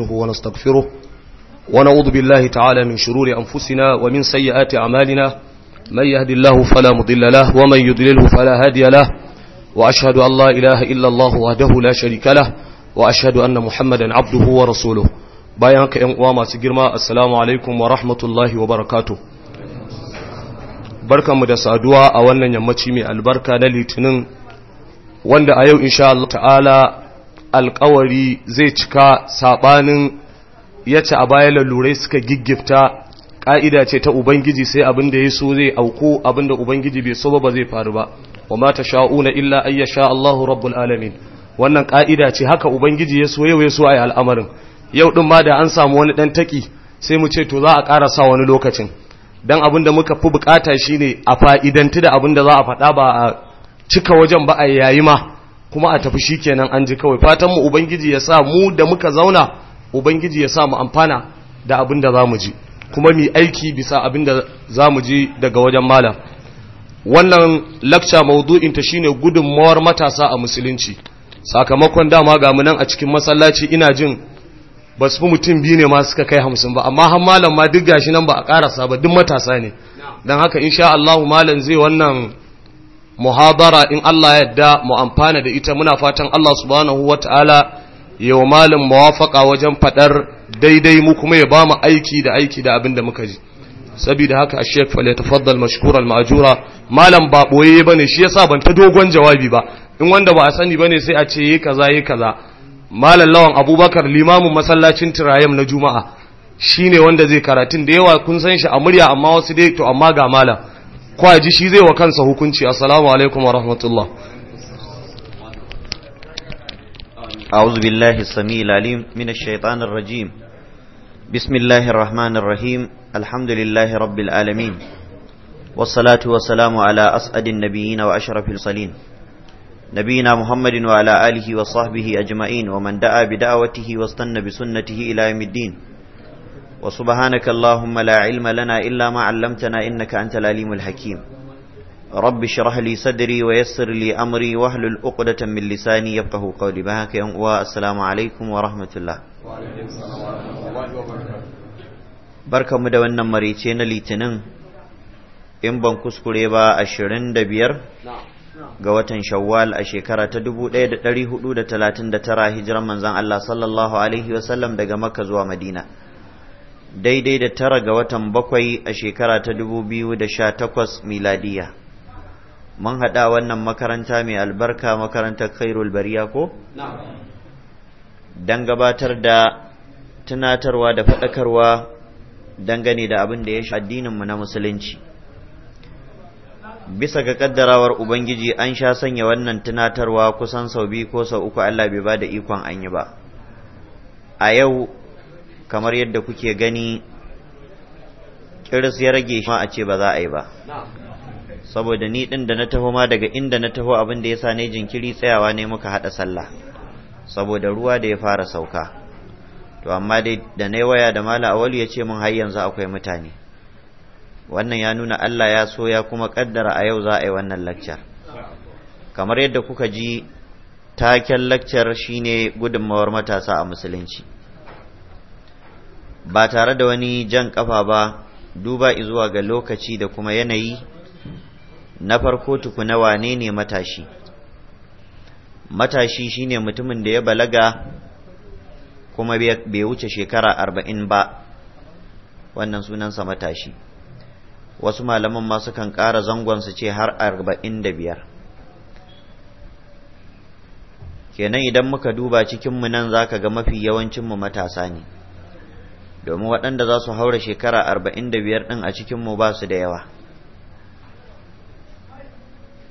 ونستعينه ونستغفره ونعوذ بالله تعالى من شرور أنفسنا ومن سيئات أعمالنا من يهد الله فلا مضل له ومن يضلله فلا هادي له وأشهد أن لا إله إلا الله وحده لا شريك له وأشهد أن محمدا عبده ورسوله بايانك ينقوى ما سجرما السلام عليكم ورحمة الله وبركاته barkanmu da saduwa a wannan yammaci mai albarka na litinin wanda a yau insha Allah ta'ala alkawari zai cika sabanin ci a baya lalurai suka giggifta ƙa'ida ce ta ubangiji sai abin da ya so zai auku abin da ubangiji bai so ba zai faru ba wa mata sha’una illa an sha Allahu rabbul alamin wannan ƙa'ida ce haka ubangiji ya so yau ya so a yi al'amarin yau ɗin ma da an samu wani ɗan taki sai mu ce to za a ƙara sa wani lokacin don abin da muka fi bukata ne a fa'idanti da abin da za a faɗa ba a cika wajen ba a yayi ma kuma a tafi shi kenan an ji kawai fatan mu ubangiji ya sa mu da muka zauna ubangiji ya sa mu amfana da abin da zamu ji kuma mu aiki bisa abin da zamu ji daga wajen malam wannan lecture maudu'in ta shine mawar matasa a musulunci sakamakon dama ga mu nan a cikin masallaci ina jin ba fi mutum biyu ne ma suka kai hamsin ba amma har malam ma duk gashi nan ba a karasa ba duk matasa ne dan haka insha Allah malam zai wannan muhabara in Allah ya yadda mu amfana da ita muna fatan Allah subhanahu wataala yau malin muwafaka wajen fadar daidai mu kuma ya bamu aiki da aiki da abin da muka ji saboda haka a shek fal yatafaddal mashkura al majura malam ba boye bane shi yasa ban ta dogon jawabi ba in wanda ba a sani bane sai a ce yi kaza yi kaza malam lawan abubakar limamin masallacin tirayam na juma'a shine wanda zai karatun da yawa kun san shi a murya amma wasu dai to amma ga malam kwaji shi zai wa kansa hukunci assalamu alaikum wa rahmatullah a'udhu billahi samil alim minash rajim bismillahir rahmanir rahim alhamdulillahi rabbil alamin wassalatu wassalamu ala asadin nabiyina wa ashrafil salin nabiyina muhammadin Wala ala alihi wa sahbihi ajma'in wa man da'a bi da'watihi wastanna bi sunnatihi ila yawmiddin وسبحانك اللهم لا علم لنا إلا ما علمتنا إنك أنت العليم الحكيم رب اشرح لي صدري ويسر لي أمري واحلل عقدة من لساني يفقه قولي بهاك والسلام عليكم ورحمة الله وعليكم السلام ورحمة الله barka mu da wannan maraice na litinin in ban kuskure ba ashirin da biyar ga watan shawwal a shekara ta dubu ɗaya da ɗari hudu da talatin da tara hijiran manzan Allah sallallahu alaihi wasallam daga makka zuwa madina daidai da tara ga watan bakwai a shekara ta dubu biyu da sha takwas miladiya mun haɗa wannan makaranta mai albarka makarantar khairul bariya ko? don gabatar da tunatarwa da faɗakarwa dangane da abin da ya shi addininmu na musulunci bisa ga ƙaddarawar ubangiji an sha sanya wannan tunatarwa kusan sau biyu ko sau uku allah bai ba da ikon an yi ba a yau kamar yadda kuke gani kiris ya rage shi ma a ce ba za a yi ba saboda ni din da na taho ma daga inda na taho abin da ya sa ne jinkiri tsayawa ne muka haɗa sallah saboda ruwa da ya fara sauka to amma dai da na waya da mala awali ya ce mun har yanzu akwai mutane wannan ya nuna Allah ya so ya kuma ƙaddara a yau za a yi wannan lakcar kamar yadda kuka ji taken lakcar shine gudunmawar matasa a musulunci ba tare da wani jan kafa ba duba izuwa ga lokaci da kuma yanayi na farko tukuna wane ne matashi matashi shine mutumin da ya balaga kuma bai wuce shekara arba'in ba wannan sunansa matashi wasu malaman ma sukan ƙara zangon su ce har arba'in da biyar kenan idan muka duba cikinmu nan za ka ga mafi yawancinmu matasa ne domin waɗanda za su haura shekara arba'in da biyar ɗin a cikinmu ba su da yawa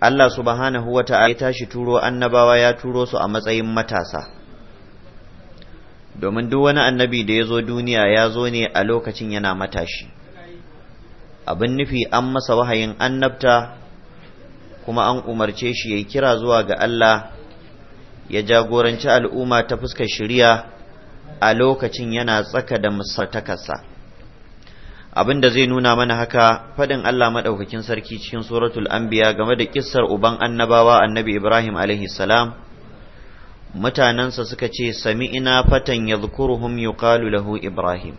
Allah subhanahu wa ta'ala ya tashi turo annabawa ya turo su a matsayin matasa domin duk wani annabi da ya zo duniya ya zo ne a lokacin yana matashi abin nufi an masa wahayin annabta kuma an umarce shi ya kira zuwa ga Allah ya jagoranci al'umma ta fuskar shirya a lokacin yana tsaka da musatakarsa abin da zai nuna mana haka faɗin Allah maɗaukakin sarki cikin suratul anbiya game da kissar uban annabawa annabi Ibrahim alaihi salam mutanensa suka ce sami ina fatan yadhkuruhum yuqalu lahu Ibrahim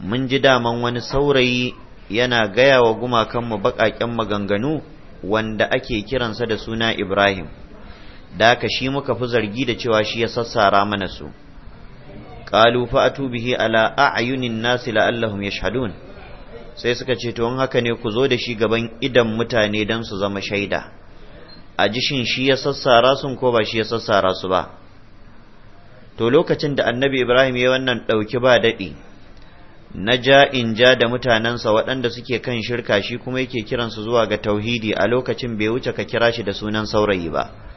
mun ji daman wani saurayi yana gaya wa gumakanmu baƙaƙen maganganu wanda ake kiransa da suna Ibrahim da aka shi muka fi zargi da cewa shi ya sassara mana su qalu fa'tu bihi ala a'yunin nas la'allahum yashhadun sai suka ce to haka ne ku zo da shi gaban idan mutane dan su zama shaida a jishin shi ya sassara sun ko ba shi ya sassara su ba to lokacin da annabi ibrahim ya wannan ɗauki ba daɗi na ja in ja da mutanensa waɗanda suke kan shirka shi kuma yake kiransu zuwa ga tauhidi a lokacin bai wuce ka kira shi da sunan saurayi ba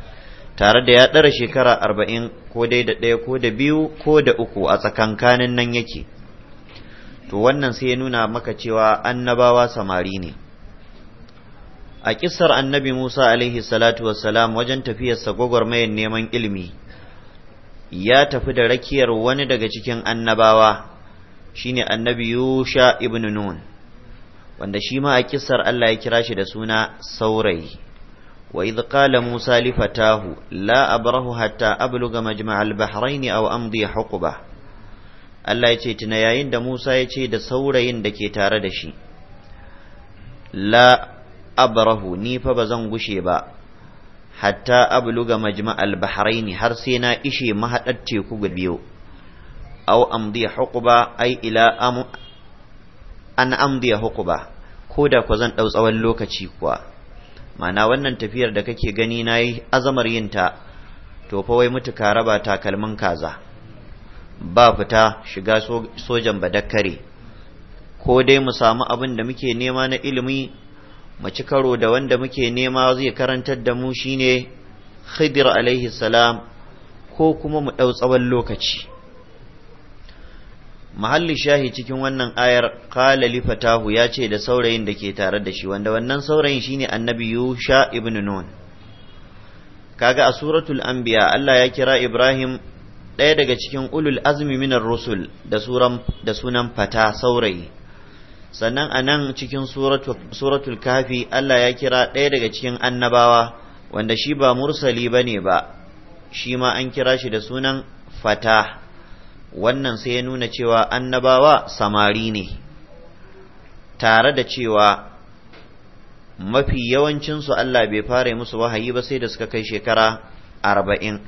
tare da ya ɗara shekara arba'in ko dai da ɗaya ko da biyu ko da uku a tsakankanin nan yake to wannan sai ya nuna maka cewa annabawa samari ne a kisar annabi musa alaihi salatu wassalam wajen tafiyarsa gwagwarmayar neman ilimi ya tafi da rakiyar wani daga cikin annabawa shine annabi yusha ibn nun wanda shi ma a kisar allah ya kira shi da suna saurayi وإذ قال موسى لفتاه لا أبره حتى أبلغ مجمع البحرين أو أمضي حقبة Allah ya ce tuna yayin da Musa ya ce da saurayin da ke tare da shi la abrahu ni fa ba zan gushe ba hatta abluga majma'al bahraini har sai na ishe mahaɗar teku ga biyu aw amdi huquba ai ila an amdi huquba ko da ku zan ɗau tsawon lokaci kuwa ma'ana wannan tafiyar da kake gani na yi azamar yinta to fa wai mutu ka raba takalmin kaza ba fita shiga sojan badakkare ko dai mu samu abin da muke nema na ilimi mu ci karo da wanda muke nema zai karantar da mu shine khidir alaihi salam ko kuma mu ɗau tsawon lokaci mahalli shahi cikin wannan ayar qala li fatahu ya ce da saurayin da ke tare da shi wanda wannan saurayin shine annabi yusha Ibnu nun kaga a suratul anbiya Allah ya kira ibrahim ɗaya daga cikin ulul azmi minar rusul da suran da sunan fata saurayi sannan anan cikin suratul kafi Allah ya kira ɗaya daga cikin annabawa wanda shi ba mursali bane ba shi ma an kira shi da sunan fata wannan sai ya nuna cewa annabawa samari ne tare da cewa mafi yawancinsu Allah bai fara musu wahayi ba sai da suka kai shekara arba'in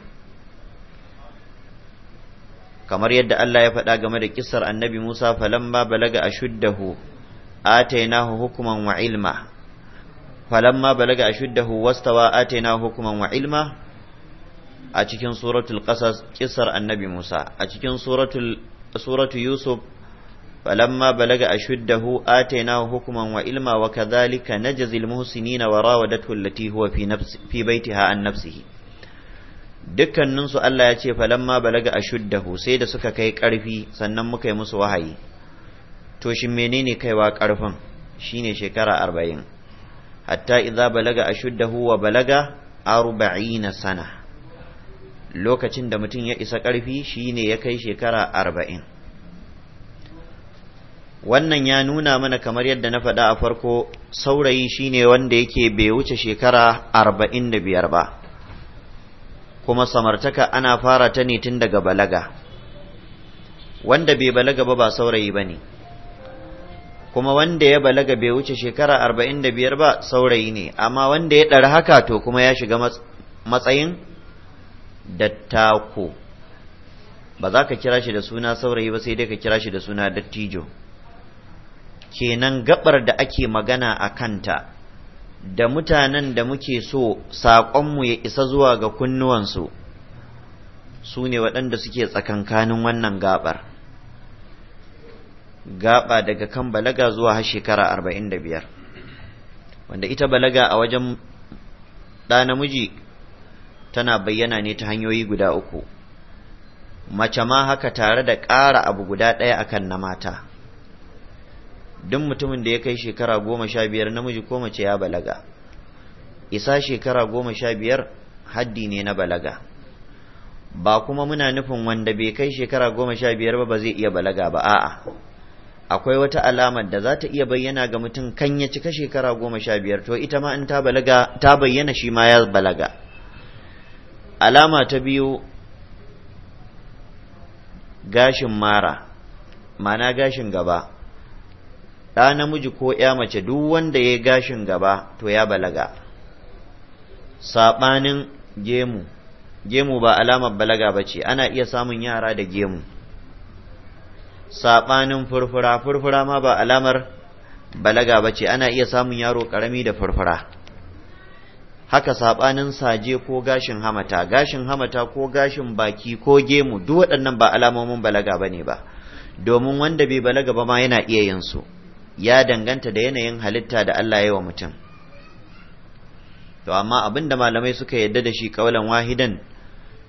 kamar yadda Allah ya faɗa game da kisar annabi Musa falamma balaga ashuddahu atainahu hukuman wa ilma falamma balaga ashuddahu wastawa atainahu hukuman wa ilma a cikin suratul qasas Kisar annabi Musa a cikin suratul suratu Yusuf فلما بلغ أشده آتيناه حكما وعلما وكذلك نجزي المحسنين وراودته التي هو في نفس في بيتها عن نفسه dukkaninsu Allah ya ce falamma balaga ashuddahu sai da suka kai ƙarfi sannan muka yi musu wahayi to shin menene kaiwa karfin shine shekara arba'in hatta idza balaga ashuddahu wa balaga arba'ina sana lokacin da mutum ya isa ƙarfi shi ne ya kai shekara arba'in wannan ya nuna mana kamar yadda na faɗa a farko saurayi shi ne wanda yake bai wuce shekara arba'in da biyar ba kuma samartaka ana fara ta ne tun daga balaga wanda bai balaga ba ba saurayi ba ne kuma wanda ya balaga bai wuce shekara arba'in da biyar ba saurayi ne amma wanda ya ɗari haka to kuma ya shiga matsayin dattako ba za ka kira shi da suna saurayi ba sai dai ka kira shi da suna dattijo kenan gabar da ake magana a kanta da mutanen da muke so saƙonmu ya isa zuwa ga kunnuwansu su ne waɗanda suke tsakankanin wannan gabar gaba daga kan balaga zuwa har shekara arba'in da biyar wanda ita balaga a wajen ɗa namiji tana bayyana ne ta hanyoyi guda uku mace ma haka tare da ƙara abu guda ɗaya akan na mata duk mutumin da ya kai shekara goma sha biyar namiji ko mace ya balaga isa shekara goma sha biyar haddi ne na balaga ba kuma muna nufin wanda bai kai shekara goma sha biyar ba ba zai iya balaga ba a'a akwai wata alama da za ta iya bayyana ga mutum kan ya cika shekara goma sha biyar to ita ma in ta balaga ta bayyana shi ma ya balaga alama ta biyu gashin mara mana gashin gaba ɗa namiji ko ya mace duk wanda ya gashin gaba to ya balaga saɓanin gemu gemu ba alamar balaga ba ce ana iya samun yara da gemu saɓanin furfura furfura ma ba alamar balaga ba ana iya samun yaro ƙarami da furfura haka saɓanin saje ko gashin hamata gashin hamata ko gashin baki ko gemu duk waɗannan ba alamomin balaga ne ba domin wanda bai balaga ba ma yana iya yin su ya danganta da yanayin halitta da Allah ya wa mutum to amma abinda malamai suka yadda da shi kaulan wahidan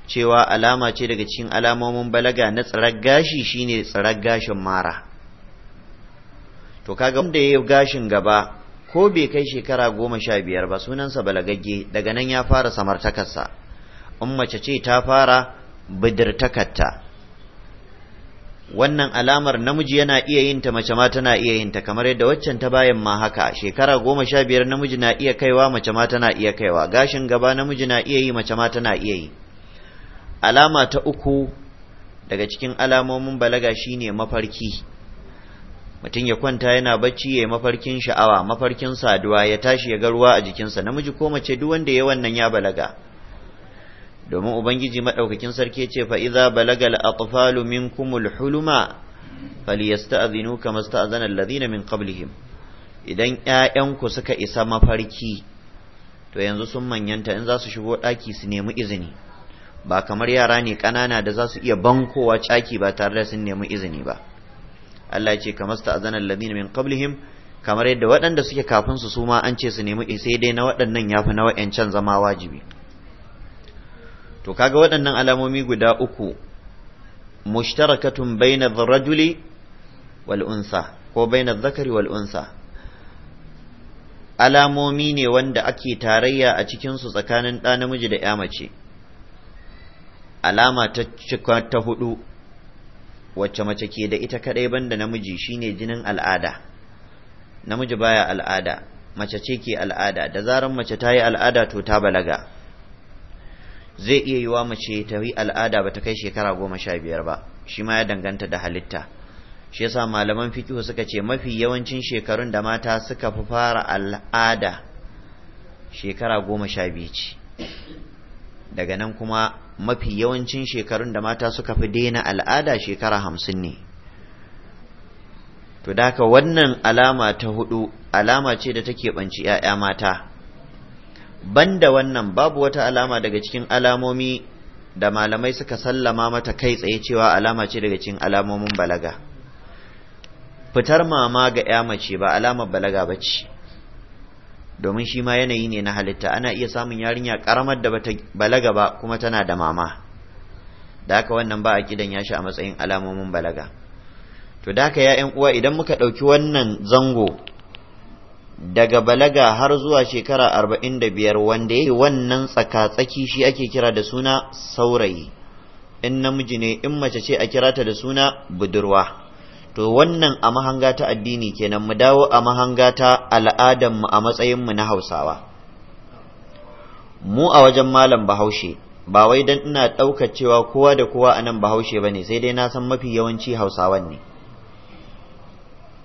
cewa alama ce daga cikin alamomin balaga na tsirar gashi shine tsirar gashin mara to kaga wanda ya yi gashin gaba ko bai kai shekara goma sha biyar ba sunansa balagagge daga nan ya fara samartakarsa in mace ce ta fara bidirtakarta wannan alamar namiji yana iya yin ta mace ma tana iya yin ta kamar yadda waccan ta bayan ma haka shekara goma sha biyar namiji na iya kaiwa mace ma tana iya kaiwa gashin gaba namiji na iya yi mace ma tana iya yi alama ta uku daga cikin alamomin balaga shine mafarki mutum ya kwanta yana bacci ya mafarkin sha'awa mafarkin saduwa ya tashi ya ga ruwa a jikinsa namiji ko mace duk wanda ya wannan ya balaga domin ubangiji madaukakin sarki ce fa idza balagal atfalu minkumul huluma falyasta'zinu kama sta'zana alladhina min qablihim idan ƴaƴanku suka isa mafarki to yanzu sun manyanta in za su shigo ɗaki su nemi izini ba kamar yara ne ƙanana da za su iya bankowa caki ba tare da sun nemi izini ba Allah ya ce kamar sta'azana alladhina min qablihim kamar yadda waɗanda suke kafin su suma an ce su nemi sai dai na waɗannan yafi na wa'yancan zama wajibi to kaga waɗannan alamomi guda uku mushtarakatun bayna rajuli wal unsa ko bayna zakari wal unsa alamomi ne wanda ake tarayya a cikin su tsakanin ɗa namiji da ya mace alama ta hudu wacce mace ke da ita kadai banda namiji shine jinin al'ada namiji baya al'ada mace ce ke al'ada da zaran mace ta yi al'ada to ta balaga zai iya yiwa mace ta yi al'ada ba ta kai shekara goma sha biyar ba shi ma ya danganta da halitta shi yasa malaman fikihu suka ce mafi yawancin shekarun da mata suka fi fara al'ada shekara goma sha biyu ce daga nan kuma mafi yawancin shekarun da mata suka fi daina al'ada shekara hamsin ne to daka wannan alama ta hudu alama ce da take banci 'ya'ya mata banda wannan babu wata alama daga cikin alamomi da malamai suka sallama mata kai tsaye cewa alama ce daga cikin alamomin balaga fitar mama ga 'ya mace ba alamar balaga ba ce domin shi ma yanayi ne na halitta ana iya samun yarinya karamar da bata balaga ba kuma tana da mama da haka wannan ba a kidan yashi shi a matsayin alamomin balaga to da haka ya uwa idan muka ɗauki wannan zango daga balaga har zuwa shekara arba'in da biyar wanda yake wannan tsaka-tsaki shi ake kira da suna saurayi in namiji ne in mace ce a kira ta da suna budurwa to wannan a mahanga ta addini kenan mu dawo a mahanga ta al'adanmu a matsayinmu na hausawa mu a wajen malam bahaushe ba wai dan ina ɗaukar cewa kowa da kowa a nan bahaushe ba ne sai dai na san mafi yawanci hausawan ne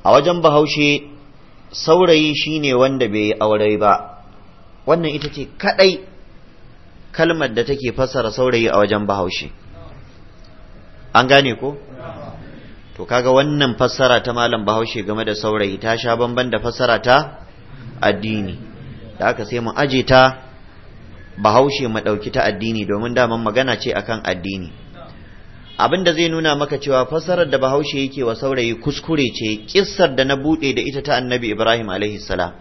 a wajen bahaushe saurayi shine wanda bai yi aure ba wannan ita ce kaɗai kalmar da take fassara saurayi a wajen bahaushe an gane ko to kaga wannan fassara ta malam bahaushe game da saurayi ta sha bamban da fassara ta addini da aka sai mu aje ta bahaushe mu ɗauki ta addini domin daman magana ce akan addini abin da zai nuna maka cewa fassarar da bahaushe yake wa saurayi kuskure ce kissar da na buɗe da ita ta annabi ibrahim alaihi salam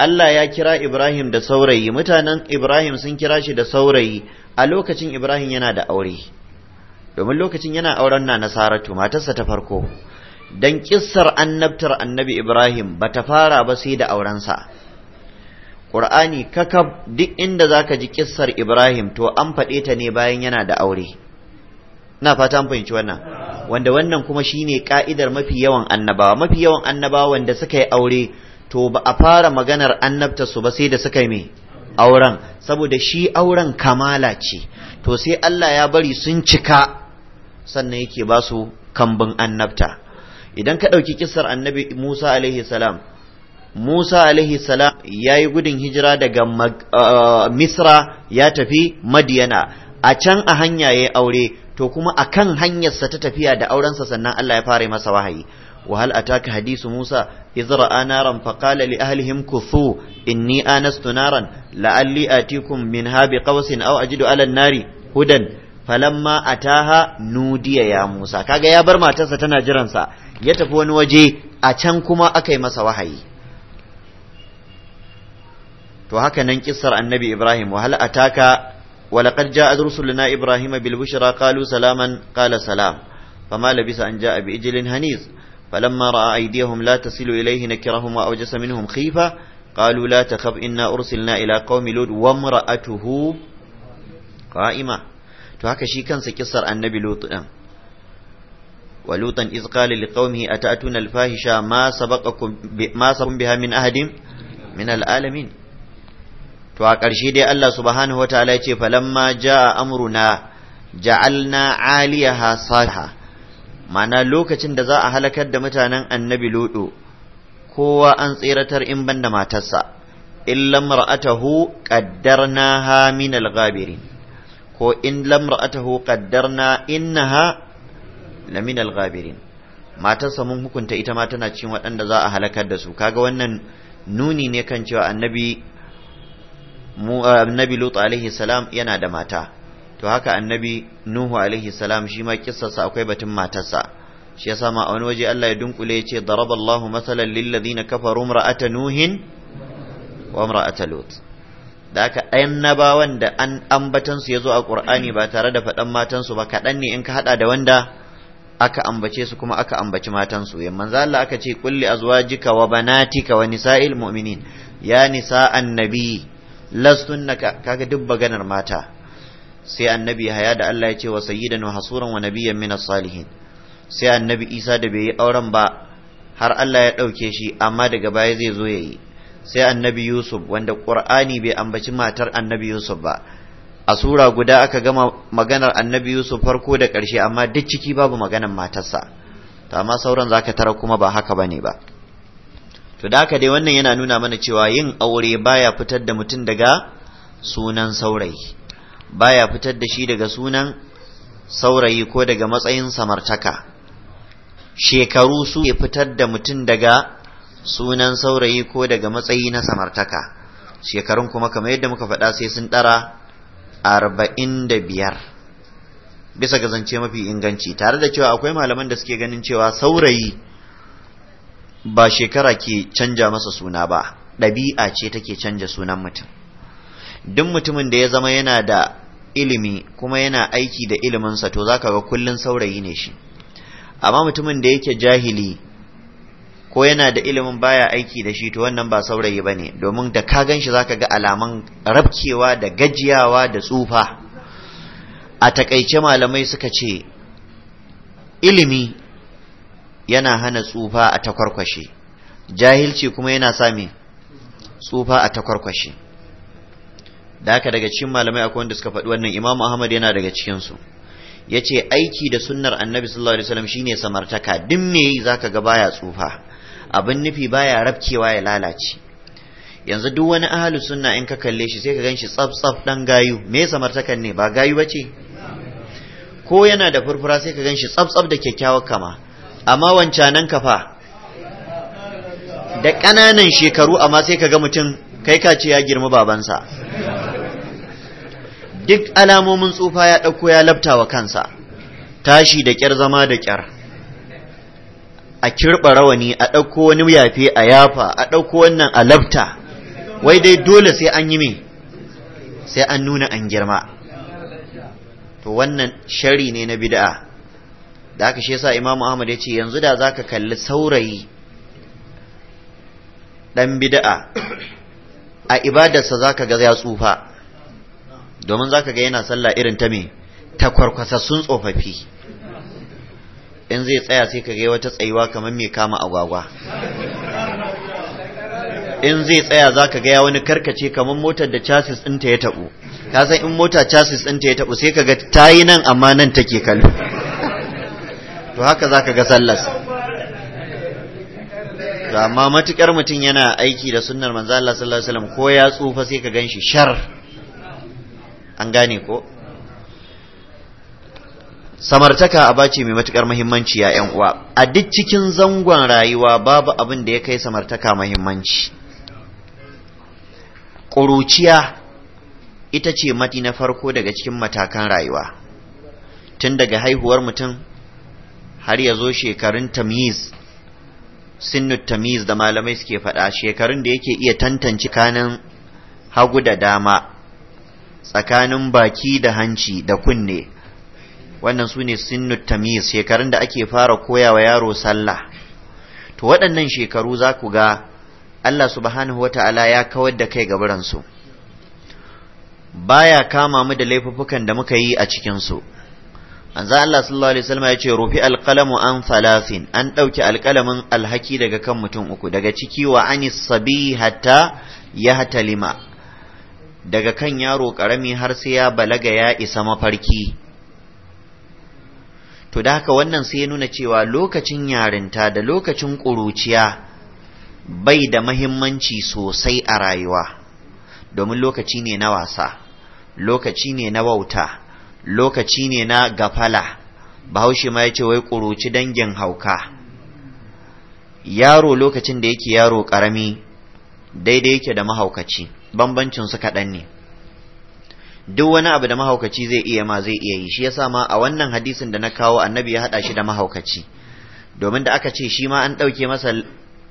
Allah ya kira Ibrahim da saurayi mutanen Ibrahim sun kira shi da saurayi a lokacin Ibrahim yana da aure domin lokacin yana auren na nasaratu matarsa ta farko dan kissar annabtar annabi ibrahim bata fara ba sai da aurensa qur'ani kakab duk inda za ka ji kissar ibrahim to an faɗe ta ne bayan yana da aure ina fata an fahimci wannan wanda wannan kuma shine ka'idar mafi yawan annabawa mafi yawan annabawa wanda suka yi aure to ba a fara maganar annabtarsu ba sai da suka yi me auren saboda shi auren kamala ce to sai Allah ya bari sun cika sannan yake ba su kambin annabta idan ka ɗauki kisar annabi Musa alaihi salam Musa alaihi salam ya yi gudun hijira daga uh, Misra ya tafi Madiyana a can a hanya ya aure to kuma a kan hanyarsa ta tafiya da aurensa sannan Allah ya fara masa wahayi وهل أتاك حديث موسى إذ رأى نارا فقال لأهلهم كثوا إني آنست نارا لعلي آتيكم منها بقوس أو أجد على النار هدى falamma ataha nudiya ya Musa kaga ya bar matarsa tana jiransa. sa ya tafi wani waje a can kuma aka yi masa wahayi to haka nan kissar annabi Ibrahim wa hal ataka wa laqad jaa'a rusuluna Ibrahim bil bushra qalu salaman qala salam fama labisa an jaa'a bi ijlin haniz falamma ra'a aydihim la tasilu ilayhi nakirahum wa awjasa minhum khifa قالوا لا تخف إنا أرسلنا إلى قوم لود وامرأته قائمة to haka shi kansa kissar annabi lutu din ولوطا إذ قال لقومه أتأتون الفاحشة ما سبقكم ب... ما سبقكم بها من أحد من العالمين to a ƙarshe dai Allah subhanahu wataala ya ce falamma jaa amruna ja'alna 'aliyaha saha ma'ana lokacin da za a halakar da mutanen annabi ludo kowa an tseratar in banda matarsa illa mar'atahu qaddarnaha min al ko in lamra'atahu qaddarna innaha lamina al-ghabirin matarsa mun hukunta ita ma tana cikin waɗanda za a halakar da su kaga wannan nuni ne kan cewa annabi mu eh, annabi lut alaihi salam yana da mata to haka annabi nuhu alaihi salam shi ma kissarsa akwai batun matarsa shi yasa ma a wani waje Allah ya dunkule ya ce daraballahu masalan lil ladina kafaru imra'ata nuhin wa imra'ata lut da aka annabawan da an ambatansu ya zo a ƙur'ani ba tare da faɗan matansu ba kaɗan ne in ka haɗa da wanda aka ambace su kuma aka ambaci matansu ya manzo Allah aka ce kulli azwajika wa banatika wa nisa'il mu'minin ya nisa annabi lastunna kaga duk baganar mata sai annabi haya da Allah ya ce wa sayyidan wa hasuran wa nabiyyan min salihin sai annabi Isa da bai yi auren ba har Allah ya ɗauke shi amma daga baya zai zo yayi sai annabi Yusuf wanda Qur'ani bai ambaci matar annabi Yusuf ba a sura guda aka gama maganar annabi Yusuf farko da ƙarshe amma duk ciki babu maganar matarsa to amma sauran zaka tara kuma ba haka bane ba to da haka dai wannan yana nuna mana cewa yin aure baya fitar da mutum daga sunan saurayi baya fitar da shi daga sunan saurayi ko daga matsayin samartaka shekaru su fitar da mutum daga sunan saurayi ko daga matsayi na samartaka shekarun kuma kamar yadda muka faɗa sai sun ɗara arba'in da biyar bisa ga zance mafi inganci tare da cewa akwai malaman da suke ganin cewa saurayi ba shekara ke canja masa suna ba ɗabi'a ce take canja sunan mutum duk mutumin da ya zama yana da ilimi kuma yana aiki da iliminsa to zaka ga kullum saurayi ne shi amma mutumin da yake jahili ko yana da ilimin baya aiki da shi to wannan ba saurayi bane domin da ka gan shi zaka ga alaman rabkewa da gajiyawa da tsufa a takaice malamai suka ce ilimi yana hana tsufa a takwarkwashe jahilci kuma yana sa me tsufa a takwarkwashe da haka daga cikin malamai akwai wanda suka faɗi wannan imamu ahmad yana daga cikinsu ya ce aiki da sunnar annabi sallallahu alaihi wasallam shine samartaka duk me yi zaka ga baya tsufa abin nufi baya rabcewa ya lalace yanzu duk wani ahalu sunna in ka kalle shi sai ka ganshi tsaf tsaf dan gayu me samartakan ne ba gayu bace ko yana da furfura sai ka ganshi tsaf tsaf da kyakkyawar kama amma nan kafa da ƙananan shekaru amma sai ka ga mutum kai ka ce ya girma babansa duk alamomin tsufa ya ɗauko ya labta wa kansa tashi da kyar zama da kyar. a kirɓa rawani a ɗauko wani yafe a yafa a ɗauko wannan a labta wai dai dole sai an yi me sai an nuna an girma to wannan shari ne na bid'a da aka shi yasa imamu ahmad ya ce yanzu da zaka kalli saurayi ɗan bid'a a ibadarsa zaka ga ya tsufa domin zaka ga yana sallah irin ta me ta kwarkwasassun tsofaffi in zai tsaya sai ka ga wata tsayuwa kamar mai kama agwagwa in zai tsaya za ka ga wani karkace kamar motar da chassis ɗinta ya taɓu ka san in mota chassis ɗinta ya taɓu sai ka ga ta yi nan amma nan take kallo to haka za ka ga sallas amma matukar mutum yana aiki da sunnar manzo Allah sallallahu alaihi wasallam ko ya tsufa sai ka ganshi shar an gane ko samartaka aba ce mai matukar muhimmanci ya yan uwa a duk cikin zangon rayuwa babu abin da ya kai samartaka muhimmanci ƙuruciya ita ce mati na farko daga cikin matakan rayuwa tun daga haihuwar mutum har ya zo shekarun tamiz sinnut tamiz da malamai suke faɗa shekarun da yake iya tantance kanin hagu da dama tsakanin baki da hanci da kunne wannan su ne sinnut TAMIS shekarun da ake fara koya wa yaro sallah to waɗannan shekaru za ku ga Allah subhanahu wa ta'ala ya kawar da kai gabaransu baya kama mu da laifuffukan da muka yi a cikinsu anza Allah sallallahu alaihi wasallam ya ce rufi alqalamu an falasin an ɗauki alƙalamin alhaki daga kan mutum uku daga ciki wa anis sabi hatta hatalima daga kan yaro ƙarami har sai ya balaga ya isa mafarki to da haka wannan sai ya nuna cewa lokacin yarinta da lokacin ƙuruciya bai da mahimmanci sosai a rayuwa domin lokaci ne na wasa lokaci ne na wauta lokaci ne na gafala bahaushe ma ya ce wai ƙuruci dangin hauka yaro lokacin da yake yaro ƙarami daidai yake da mahaukaci bambancin su kaɗan ne duk wani abu da mahaukaci zai iya ma zai iya yi shi yasa ma a wannan hadisin da na kawo annabi ya hada shi da mahaukaci domin da aka ce shi ma an dauke masa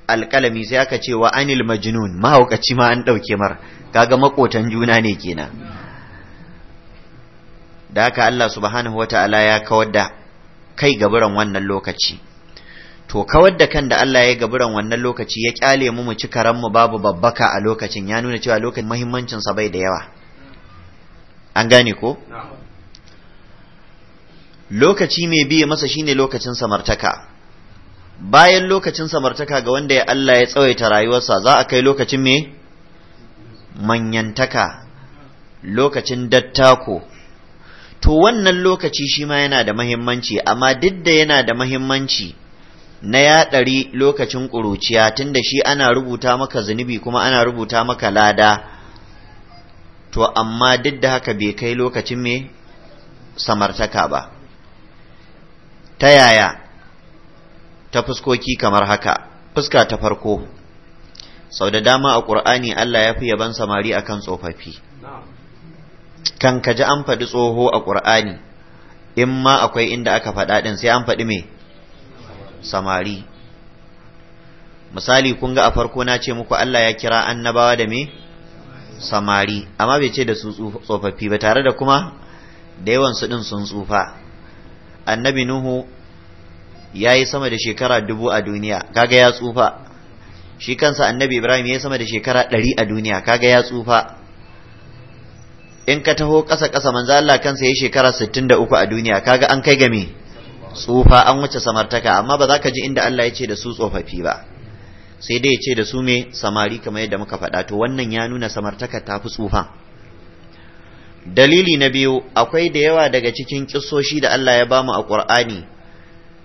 alkalami sai aka ce wa anil majnun mahaukaci ma an dauke mar kaga makotan juna ne kenan da haka Allah subhanahu wataala ya kawar da kai gaburan wannan lokaci to kawar da kan da Allah ya gaburan wannan lokaci ya kyale mu mu ci karan mu babu babbaka a lokacin ya nuna cewa lokacin muhimmancin sa bai da yawa an gane ko lokaci mai biye masa shine lokacin samartaka bayan lokacin samartaka ga wanda ya Allah ya tsawaita rayuwarsa za a kai lokacin me manyantaka lokacin dattako to wannan lokaci shi ma yana da mahimmanci amma duk da yana da mahimmanci na yaɗari lokacin ƙuruciya tunda shi ana rubuta maka zunubi kuma ana rubuta maka lada to amma duk da haka bai kai lokacin me samartaka ba ta yaya ta fuskoki kamar haka fuska ta farko sau da dama a ƙur'ani Allah ya fi yaban samari a kan tsofaffi kan ka ji an faɗi tsoho a ƙur'ani in ma akwai inda aka faɗa ɗin sai an faɗi me samari misali kun ga a farko na ce muku Allah ya kira annabawa da me samari amma bai ce da su tsofaffi ba tare da kuma da yawan su din sun tsufa annabi nuhu ya yi sama da shekara dubu a duniya kaga ya tsufa shi kansa annabi ibrahim ya yi sama da shekara ɗari a duniya kaga ya tsufa in ka taho ƙasa ƙasa manzo Allah kansa ya yi shekara sittin da uku a duniya kaga an kai game tsufa an wuce samartaka amma ba za ka ji inda Allah ya ce da su tsofaffi ba sai dai ya ce da su me samari kamar yadda muka faɗa to wannan ya nuna samartaka ta fi tsufa dalili na biyu akwai da yawa daga cikin kissoshi da Allah ya bamu a Qur'ani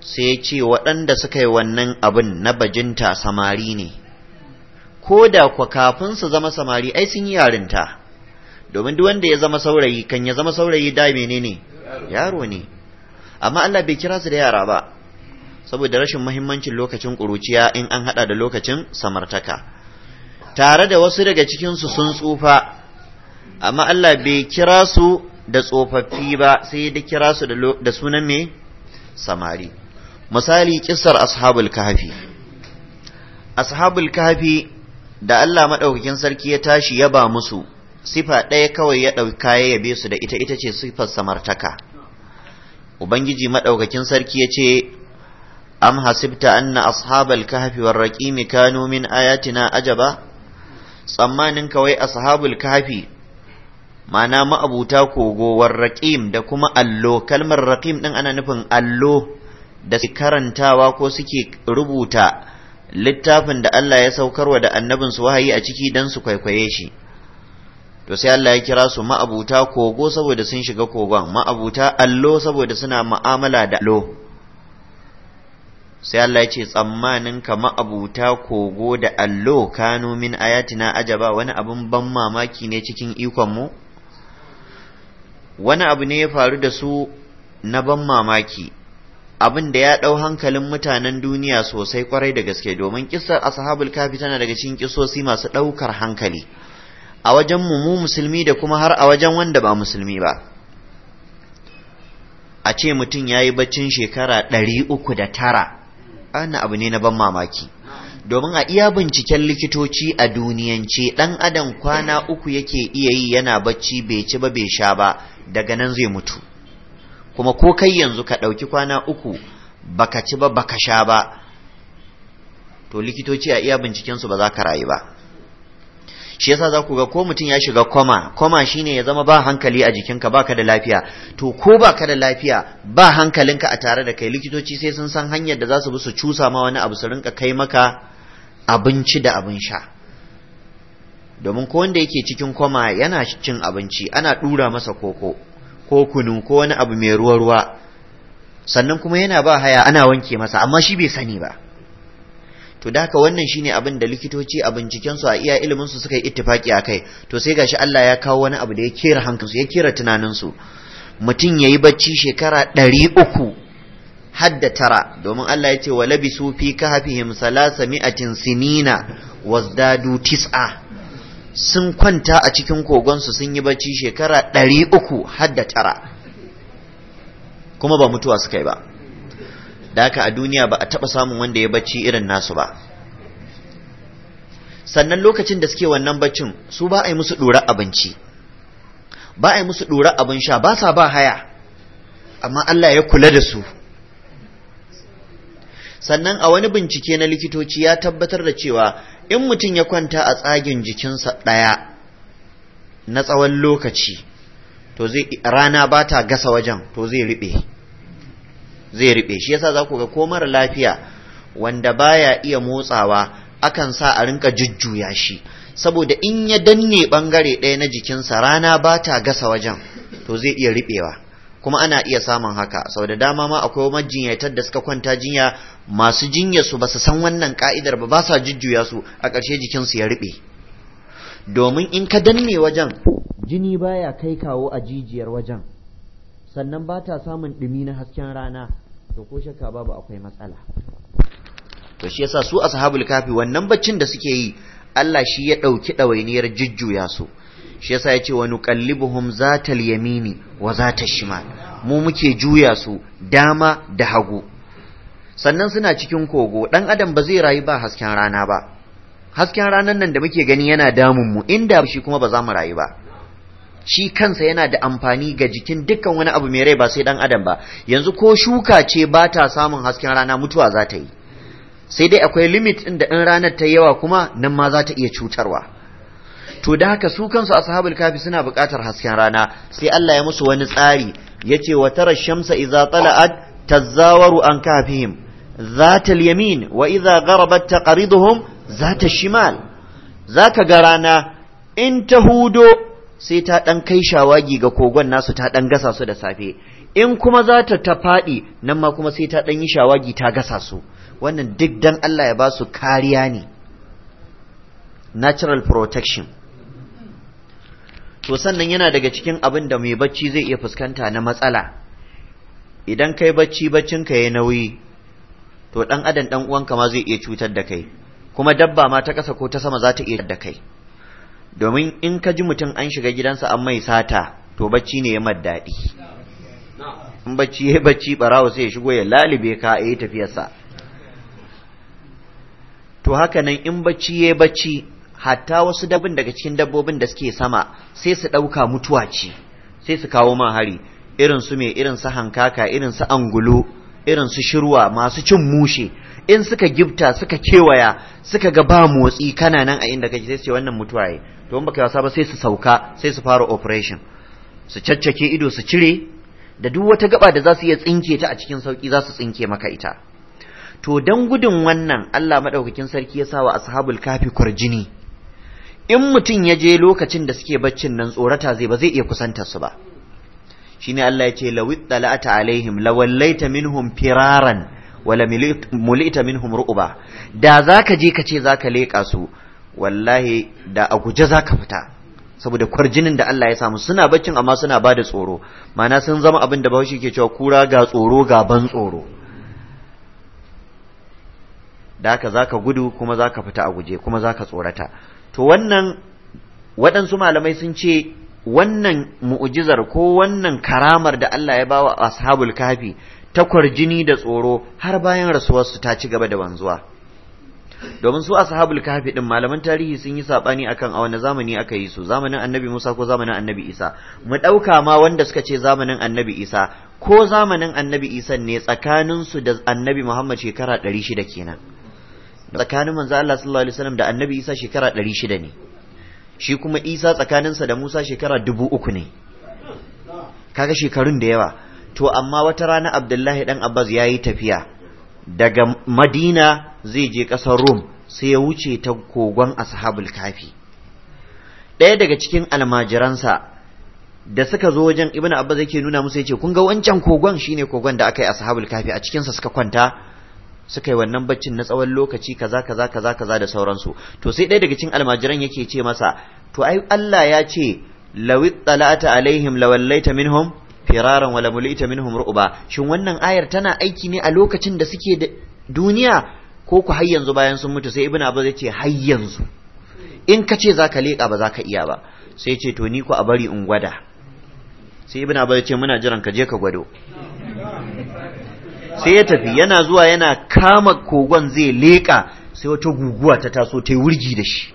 sai ya ce waɗanda suka yi wannan abin na bajinta samari ne ko da kwa kafin su zama samari ai sun yi yarinta domin duk wanda ya zama saurayi kan ya zama saurayi da menene yaro ne amma Allah bai kira su da yara ba saboda rashin muhimmancin lokacin ƙuruciya in an haɗa da lokacin samartaka tare da wasu daga cikinsu sun tsufa amma Allah bai kira su da tsofaffi ba sai da kira su da sunan mai samari misali kisar ashabul kahfi ashabul kahfi da Allah maɗaukakin sarki ya tashi yaba musu sifa ɗaya kawai ya ɗauka ya yabe su da ita ita ce sifar samartaka ubangiji maɗaukakin sarki ya ce أم anna أن أصحاب الكهف والرقيم كانوا من آياتنا ajaba. tsammanin kawai ashabul kahfi ma'ana ma'abuta kogo warraqim da kuma allo kalmar raqim din ana nufin allo da suke karantawa ko suke rubuta littafin da Allah ya saukarwa da annabin su wahayi a ciki dan su kwaikwaye shi to sai Allah ya kira su ma'abuta kogo saboda sun shiga kogon ma'abuta allo saboda suna mu'amala da allo sai Allah ya ce tsammanin ka ma'abuta kogo da allo kano min ayatina ajaba wani abun ban mamaki ne cikin ikon mu wani abu ne ya faru da su na ban mamaki abin da ya ɗau hankalin mutanen duniya sosai kwarai da gaske domin kisar ashabul kafi tana daga cikin kisosi masu ɗaukar hankali a wajen mu musulmi da kuma har a wajen wanda ba musulmi ba a ce mutum ya yi baccin shekara ɗari uku da tara Ana abu ne na ban mamaki domin a iya binciken likitoci a duniyance dan adam kwana uku yake iya yi yana bacci bai ci ba bai sha ba daga nan zai mutu kuma ko kai yanzu ka ɗauki kwana uku baka ci ba baka sha ba to likitoci a iya binciken su ba za ka rayu ba shi yasa za ku ga ko mutum ya shiga koma koma shine ya zama ba hankali a jikinka ba ka da lafiya to ko ba ka da lafiya ba hankalinka a tare da kai likitoci sai sun san hanyar da za su bi su cusa ma wani abu su rinka kai maka abinci da abin sha domin ko wanda yake cikin koma yana cin abinci ana dura masa koko ko kunu ko wani abu mai ruwa ruwa sannan kuma yana ba haya ana wanke masa amma shi bai sani ba to da haka wannan shine abin da likitoci a binciken su a iya ilimin su suka yi ittifaki kai, to sai gashi Allah ya kawo wani abu da ya kera hankalinsu ya kera su mutum yayi bacci shekara ɗari uku hadda tara domin Allah ya ce wa labisu fi kahfihim salasa mi'atin sinina wazdadu tis'a sun kwanta a cikin kogon su sun yi bacci shekara ɗari uku hadda tara kuma ba mutuwa suka yi ba da haka a duniya ba a taɓa samun wanda ya bacci irin nasu ba sannan lokacin da suke wannan baccin su ba a yi musu ɗora abinci ba a yi musu ɗora abin sha ba sa ba haya amma Allah ya kula da su sannan a wani bincike na likitoci ya tabbatar da cewa in mutum ya kwanta a tsagin jikinsa ɗaya na tsawon lokaci to zai rana ba ta gasa wajen to zai riɓe zai riɓe shi yasa za ku ga ko mara lafiya wanda baya iya motsawa akan sa a rinka jujjuya shi saboda in ya danne bangare ɗaya na jikinsa rana ba ta gasa wajen to zai iya riɓewa kuma ana iya samun haka sau dama ma akwai majinyatar da suka kwanta jinya masu jinya su ba su san wannan ka'idar ba ba sa jujjuya su a ƙarshe jikinsu ya riɓe domin in ka danne wajen jini baya kai kawo a jijiyar wajen sannan ba ta samun ɗumi na hasken rana to ko shakka babu akwai matsala to shi yasa su ashabul kafi wannan baccin da suke yi Allah shi ya ɗauki ɗawainiyar jujjuya su shi yasa ya ce wa nuqallibuhum zatal yamini wa zatal shimal mu muke juya su dama da hagu sannan suna cikin kogo dan adam ba zai rayu ba hasken rana ba hasken ranan nan da muke gani yana damun mu inda shi kuma ba za mu rayu ba shi kansa yana da amfani ga jikin dukkan wani abu mai rai ba sai dan adam ba yanzu ko shuka ce ba ta samun hasken rana mutuwa za ta yi sai dai akwai limit ɗin da in ranar ta yawa kuma nan ma za ta iya cutarwa to da haka su kansu ashabul kafi suna buƙatar hasken rana sai Allah ya musu wani tsari yace wa tara shamsa idza tala'at tazawaru an kafihim zata yamin wa idza gharabat taqriduhum zata shimal zaka ga rana in ta hudo sai ta ɗan kai shawagi ga kogon nasu ta ɗan gasa su da safe in kuma za ta ta faɗi nan ma kuma sai ta ɗan yi shawagi ta gasa su wannan duk dan Allah ya ba su kariya ne natural protection to sannan yana daga cikin abin da mai bacci zai iya fuskanta na matsala idan kai bacci baccin ka ya nauyi to ɗan adam ɗan uwanka ma zai iya cutar da kai kuma dabba ma ta ƙasa ko ta sama za ta iya da kai domin in ka ji mutum an shiga gidansa an mai sata to bacci ne ya daɗi in bacci ya bacci barawo sai ya shigo ya lalibe ka a yi tafiyarsa to haka nan in bacci ya bacci hatta wasu dabin daga cikin dabbobin da suke sama sai su ɗauka mutuwa ce sai su kawo man hari irin mai me irin su hankaka irin su angulu irin su shirwa masu cin mushe in suka gifta suka kewaya suka ga ba motsi kana nan a inda kake sai su wannan mutuwa yi to in baka wasa ba sai su sauka sai su fara operation su caccake ido su cire da duk wata gaba da za su iya tsinke ta a cikin sauki za su tsinke maka ita to dan gudun wannan Allah madaukakin sarki ya sawa ashabul kafi kurjini in mutum ya je lokacin da suke baccin nan tsorata zai ba zai iya kusantar su ba shine Allah ya ce lawit tala'ata alaihim lawallaita minhum firaran wala mulita minhum ru'ba da zaka je kace zaka leka su wallahi da a guje zaka fita saboda kwarjinin da Allah ya samu suna baccin amma suna bada tsoro mana sun zama abin da bahaushe ke cewa kura ga tsoro ga ban tsoro da haka zaka gudu kuma zaka fita a guje kuma zaka tsorata to wannan waɗansu malamai sun ce wannan mu'ujizar ko wannan karamar da Allah ya bawa ashabul kafi takwar jini da tsoro har bayan rasuwarsu ta ci gaba da wanzuwa domin su ashabul kahfi din malaman tarihi sun yi sabani akan a wani zamani aka yi su zamanin annabi Musa ko zamanin annabi Isa mu dauka ma wanda suka ce zamanin annabi Isa ko zamanin annabi Isa ne tsakanin su da annabi Muhammad shekara 600 kenan tsakanin manzo Allah sallallahu alaihi wasallam da annabi Isa shekara 600 ne shi kuma Isa tsakaninsa da Musa shekara 3000 ne kaga shekarun da yawa to amma wata rana abdullahi dan abbas ya yi tafiya daga madina zai je ƙasar rum sai ya wuce ta kogon ashabul kafi ɗaya daga cikin almajiransa da suka zo wajen ibn abbas yake nuna musu yace kun ga wancan kogon shine kogon da aka yi ashabul kafi a cikinsa suka kwanta suka yi wannan baccin na tsawon lokaci kaza kaza kaza kaza da sauransu to sai ɗaya daga cikin almajiran yake ce masa to ai Allah ya ce lawit talata alaihim lawallaita minhum firaran wala mulita minhum ru'ba shin wannan ayar tana aiki ne a lokacin da suke duniya ko ku har yanzu bayan sun mutu sai ibnu abbas yace har yanzu in ka ce zaka leka ba zaka iya ba sai ce to ni ku a bari in gwada sai ibnu abbas yace muna jiran ka je ka gwado sai ya tafi yana zuwa yana kama kogon zai leka sai wata guguwa ta taso ta yi wurgi da shi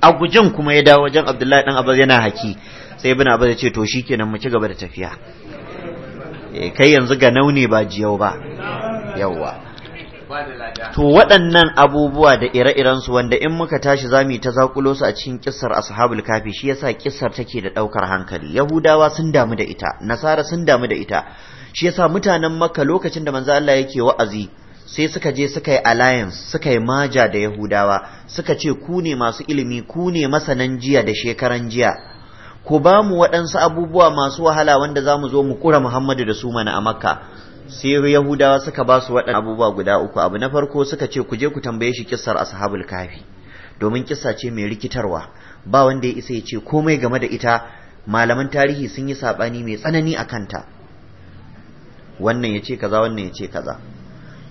a gujen kuma ya dawo wajen abdullahi dan abbas yana haki sai ibn abbas ya ce to shikenan mu ci gaba da tafiya eh, kai yanzu ga nauni ba jiyau ba yawwa to waɗannan abubuwa da ire-iren su wanda in muka tashi zamu ta zakulo su a cikin kissar ashabul kafi shi yasa kissar take da daukar hankali yahudawa sun damu da ita nasara sun damu da ita shi yasa mutanen makka lokacin da manzo Allah yake wa'azi sai suka je suka yi alliance suka yi maja da yahudawa suka ce ku ne masu ilimi ku ne masanan jiya da shekaran jiya ku ba mu waɗansu abubuwa masu wahala wanda za mu zo mu kura Muhammadu da su mana a Makka sai Yahudawa suka ba su waɗannan abubuwa guda uku abu na farko suka ce ku je ku tambaye shi kissar ashabul kafi domin kissa ce mai rikitarwa ba wanda ya isa ya ce komai game da ita malaman tarihi sun yi saɓani mai tsanani a kanta wannan ya ce kaza wannan ya ce kaza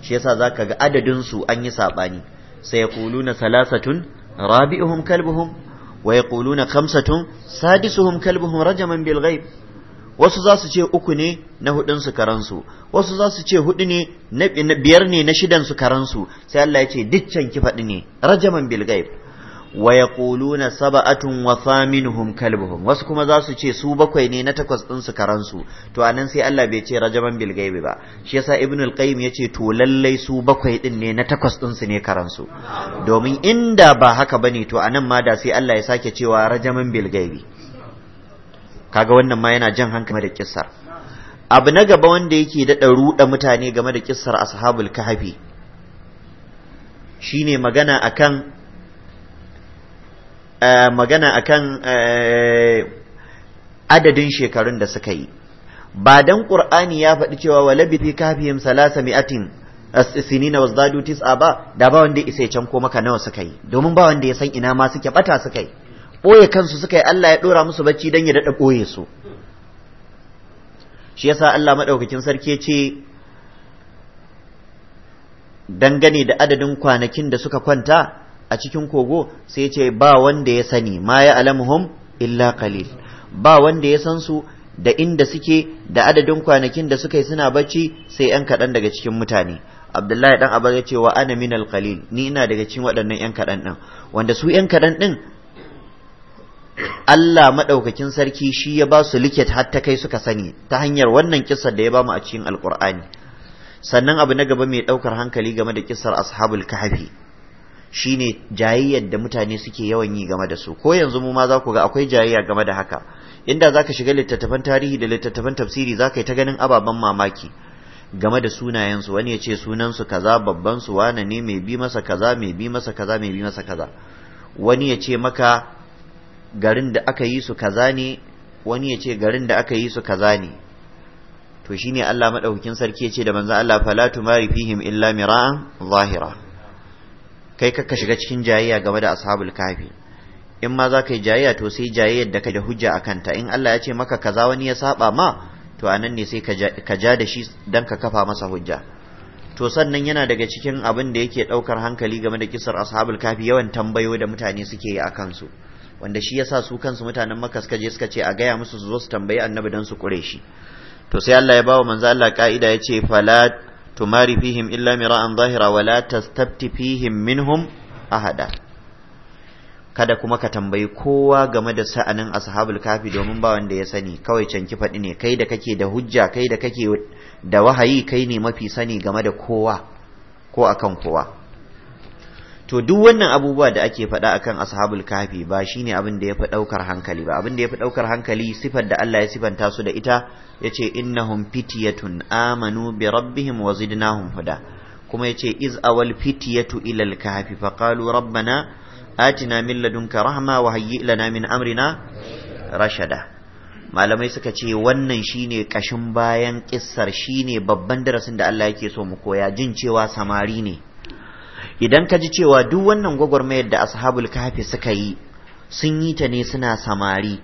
shi yasa za ka ga adadinsu an yi saɓani sai ya na salasatun rabi'uhum kalbuhum wa yaquluna khamsatun sadisuhum kalbuhum rajaman bil wasu za su ce uku ne na hudun su karansu wasu za su ce hudu ne na biyar ne na shidan su karansu sai Allah ya ce diccan ki faɗi ne rajaman bil ghaib wa yaquluna sab'atun wa thaminuhum kalbuhum wasu kuma za su ce su bakwai ne na takwas din su karan su to anan sai Allah bai ce rajaban bil gaibi ba shi yasa ibn al qayyim yace to lallai su bakwai din ne na takwas din su ne karan domin inda ba haka bane to anan ma da sai Allah ya sake cewa rajaman bil gaibi kaga wannan ma yana jan hankali da kissar abu na gaba wanda yake daɗa ruɗa mutane game da kissar ashabul kahfi shine magana akan Eh, magana akan eh, adadin shekarun da suka yi ba dan qur'ani ya faɗi cewa wa labithi kafihim salasa mi'atin sinina wazdadu tis'a ba da ba wanda isa ya canko maka nawa suka yi domin ba wanda ya san ina ma suke bata suka yi ɓoye kansu suka yi Allah ya ɗora musu bacci dan ya daɗa ɓoye su shi yasa Allah maɗaukakin sarki ce dangane da adadin kwanakin da suka kwanta a cikin kogo sai ce ba wanda ya sani ma ya alamuhum illa qalil ba wanda ya san su da inda suke da adadin kwanakin da suka yi suna bacci sai yan kaɗan daga cikin mutane abdullahi dan abar ya ce wa ana qalil ni ina daga cikin waɗannan yan kaɗan ɗin wanda su yan kaɗan ɗin Allah maɗaukakin sarki shi ya ba su liket har ta kai suka sani ta hanyar wannan kisar da ya ba mu a cikin alƙur'ani sannan abu na gaba mai ɗaukar hankali game da kisar ashabul kahfi shine jayayyar da mutane suke yawan yi game da su ko yanzu mu ma za ku ga akwai jayayya game da haka inda za ka shiga littattafan tarihi da littattafan tafsiri ka yi ta ganin ababen mamaki game da sunayensu wani ya ce sunansu kaza babban su wane ne mai bi masa kaza mai bi masa kaza mai bi masa kaza wani ya ce maka garin da aka yi su kaza ne wani ya ce garin da aka yi su kaza ne to shine Allah madaukakin sarki ya ce da manzo Allah fala tumari fihim illa mira'an zahira kai ka shiga cikin jayayya game da ashabul kafi in ma za ka yi jayayya to sai jayayyar da ka da hujja a kanta in Allah ya ce maka kaza wani ya saba ma to anan ne sai ka ja da shi dan ka kafa masa hujja to sannan yana daga cikin abin da yake ɗaukar hankali game da kisar ashabul kafi yawan tambayo da mutane suke yi a kansu wanda shi yasa su kansu mutanen makka suka je suka ce a gaya musu su zo su tambayi annabi dan su kure shi to sai Allah ya bawa manzo Allah ka'ida ya ce fala تماري فيهم illa mira'an zahira ولا la فيهم منهم minhum kada kuma ka tambayi kowa game da sa'anin ashabul kafi domin ba wanda ya sani kawai canki faɗi ne kai da kake da hujja kai da kake da wahayi kai ne mafi sani game da kowa ko akan kowa to duk wannan abubuwa da ake faɗa akan ashabul kafi ba shine abin da yafi ɗaukar hankali ba abin da yafi ɗaukar hankali sifar da Allah ya sifanta su da ita yace innahum fitiyatun amanu bi rabbihim wa zidnahum huda kuma yace iz awal fitiyatu ila al kahfi qalu rabbana atina min ladunka rahma wa hayyi lana min amrina rashada malamai suka ce wannan shine kashin bayan kissar shine babban darasin da Allah yake so mu koya jin cewa samari ne idan ka ji cewa duk wannan gwagwarmayar da ashabul kahfi suka yi sun yi ta ne suna samari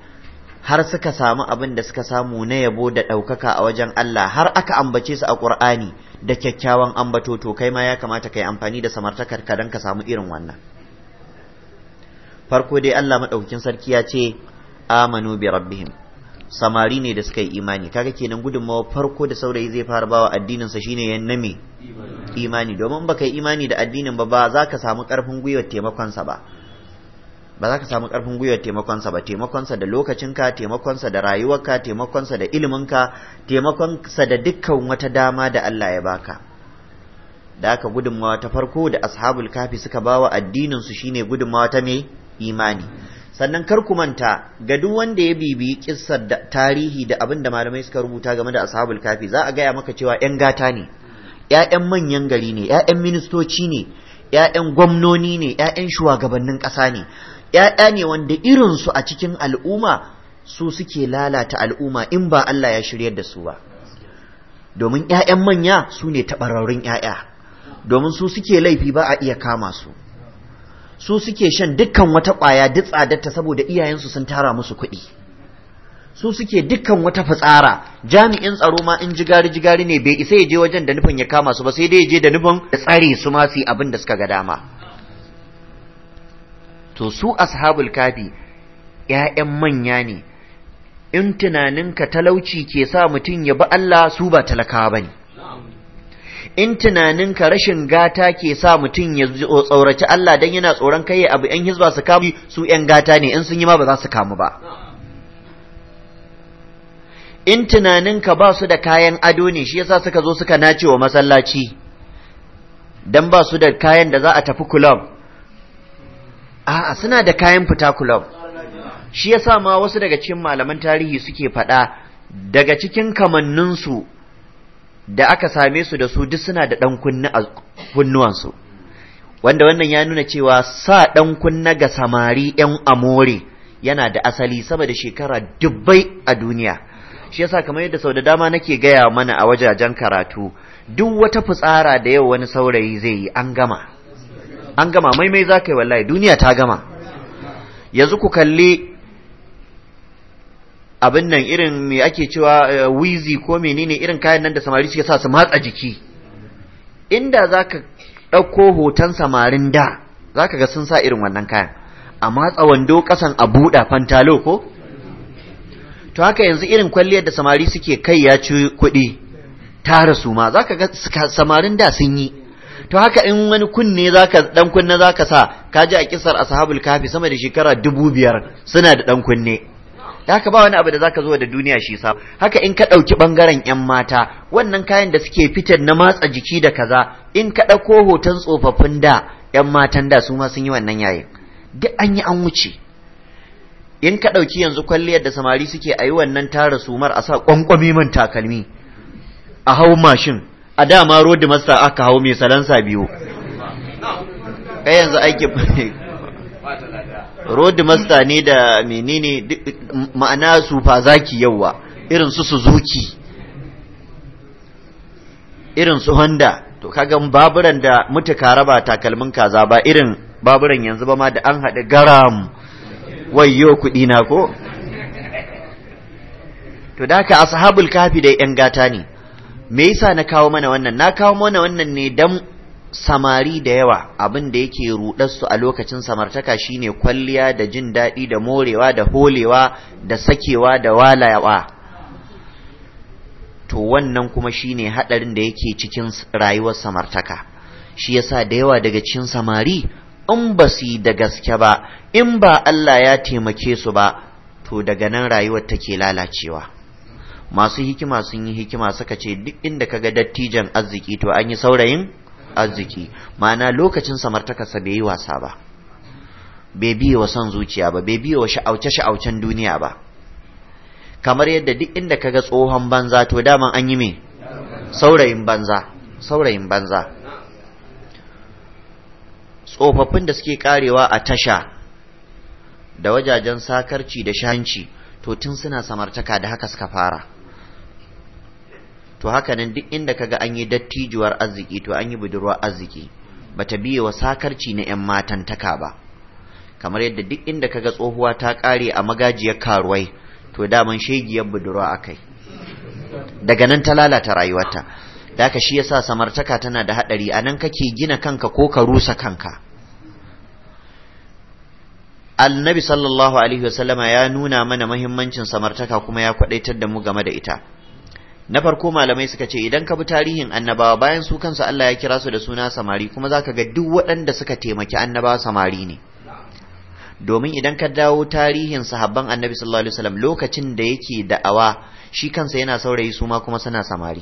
har suka samu abin da suka samu na yabo da ɗaukaka a wajen Allah har aka ambace su a Ƙur'ani da kyakkyawan ambato to kai ma ya kamata ka yi amfani da samartakar ka don ka samu irin wannan farko dai Allah maɗaukin sarki ya ce amanu bi rabbihim samari ne da suka yi imani kaga kenan gudunmawa farko da saurayi zai fara bawa addinin sa shine ya name imani domin baka yi imani da addinin ba ba za ka samu karfin gwiwar taimakon sa ba ba za ka samu karfin gwiwar taimakon sa ba taimakon sa da lokacin ka taimakon sa da ka taimakon sa da ilimin ka taimakon sa da dukkan wata dama da Allah ya baka da aka gudunmawa ta farko da ashabul kafi suka bawa addinin su shine gudunmawa ta me imani sannan kar ku manta ga duk wanda ya bibi kissar da tarihi da abin da malamai suka rubuta game da ashabul kafi za a gaya maka cewa yan gata ne ƴaƴan manyan gari ne ƴaƴan ministoci ne ƴaƴan gwamnoni ne ƴaƴan shugabannin ƙasa ne ƴaƴa ne wanda irin su a cikin al'umma su suke lalata al'umma in ba Allah ya shiryar da su ba domin ƴaƴan manya su ne tabararrun ƴaƴa domin su suke laifi ba a iya kama su su suke shan dukkan wata ƙwaya duk tsadarta saboda iyayensu sun tara musu kuɗi su suke dukkan wata fitsara jami'in tsaro ma in jigari jigari ne bai isa ya je wajen da nufin ya kama su ba sai dai ya je da nufin da tsare su ma su abin da suka ga dama to su ashabul kafi ƴaƴan manya ne in tunaninka talauci ke sa mutum ya bi Allah su ba talakawa bane in tunaninka rashin gata ke sa mutum ya tsoraci Allah dan yana tsoron kai ya abu yan hizba su kamu su yan gata ne in sun yi ma ba za su kamu ba in tunaninka ba su da kayan ado ne shi yasa suka zo suka nace wa masallaci dan ba su da kayan da za a tafi kulob 'a suna da kayan fita kulob shi yasa ma wasu daga cikin malaman tarihi suke faɗa daga cikin kamanninsu da aka same su da su duk suna da ɗan kunni a kunnuwansu wanda wannan ya nuna cewa sa ɗan kunna ga samari ‘yan amore yana da asali saboda shekara dubbai a duniya shi yasa kamar yadda sau da dama nake gaya mana a wajajen karatu duk wata fitsara da yau wani saurayi zai yi an gama an gama maimai za ka yi wallahi duniya ta gama yanzu ku kalli abin nan irin me ake cewa eh, wizi ko menene irin kayan nan da samari suke sa su matsa jiki inda zaka ɗauko hoton samarin da zaka ga sun sa irin wannan kayan a matsa wando kasan a buɗa fantalo ko to haka yanzu irin kwalliyar da samari suke kai ya ci kuɗi tara su ma zaka ga samarin da sun yi to haka in wani kunne zaka dan kunne zaka sa kaji a kisar ashabul kafi sama da shekara dubu biyar suna da dan kunne da haka ba wani abu da zaka zo da duniya shi sa haka in ka ɗauki ɓangaren 'yan mata wannan kayan da suke fitar na matsa jiki da kaza in ka ɗauko hoton tsofaffin da 'yan matan da su ma sun yi wannan yayin duk an yi an wuce in ka ɗauki yanzu kwalliyar da samari suke a yi wannan tara sumar a sa kwankwami man takalmi a hau mashin a dama rodi masa aka hau mai salansa biyu kai yanzu aikin road master ne da menene ma'ana su fa zaki yawa irin su suzuki irin su honda to kaga baburan da mutuka raba takalmin kaza ba irin baburan yanzu ba ma da an haɗa garam wayo kuɗi na ko to da haka ashabul kafi dai yan gata ne me yasa na kawo mana wannan na kawo mana wannan ne dan samari da yawa abin da yake rudarsu a lokacin samartaka shine kwalliya da jin daɗi da morewa da holewa da sakewa da walawa to wannan kuma shine hadarin da yake cikin rayuwar samartaka shi yasa da yawa daga cikin samari in ba su da gaske ba in ba Allah ya taimake su ba to daga nan rayuwar take lalacewa masu hikima sun yi hikima suka ce duk inda kaga dattijan arziki to an yi saurayin arziki ma'ana lokacin samartakarsa bai yi wasa ba bai biye wa son zuciya ba bai biye wa sha'auce-sha'aucen duniya ba kamar yadda duk inda kaga tsohon banza to daman an yi me saurayin banza saurayin banza tsofaffin da suke karewa a tasha da wajajen sakarci da shanci to tun suna samartaka da haka suka fara to haka nan duk inda kaga an yi dattijuwar arziki to an yi budurwar arziki bata biye wa sakarci na 'yan matan taka ba kamar yadda duk inda kaga tsohuwa ta kare a magajiyar karuwai to daman shegiyar budurwa akai daga nan ta lalata rayuwarta da ka shi yasa samartaka tana da hadari anan kake gina kanka ko ka rusa kanka annabi sallallahu alaihi wasallama ya nuna mana mahimmancin samartaka kuma ya kwadaitar da mu game da ita na farko malamai suka ce idan ka bi tarihin annabawa bayan su kansu Allah ya kira su da suna samari kuma zaka ga duk waɗanda suka taimaki annabawa samari ne domin idan ka dawo tarihin sahabban annabi sallallahu alaihi wasallam lokacin da yake da'awa shi kansa yana saurayi su ma kuma suna samari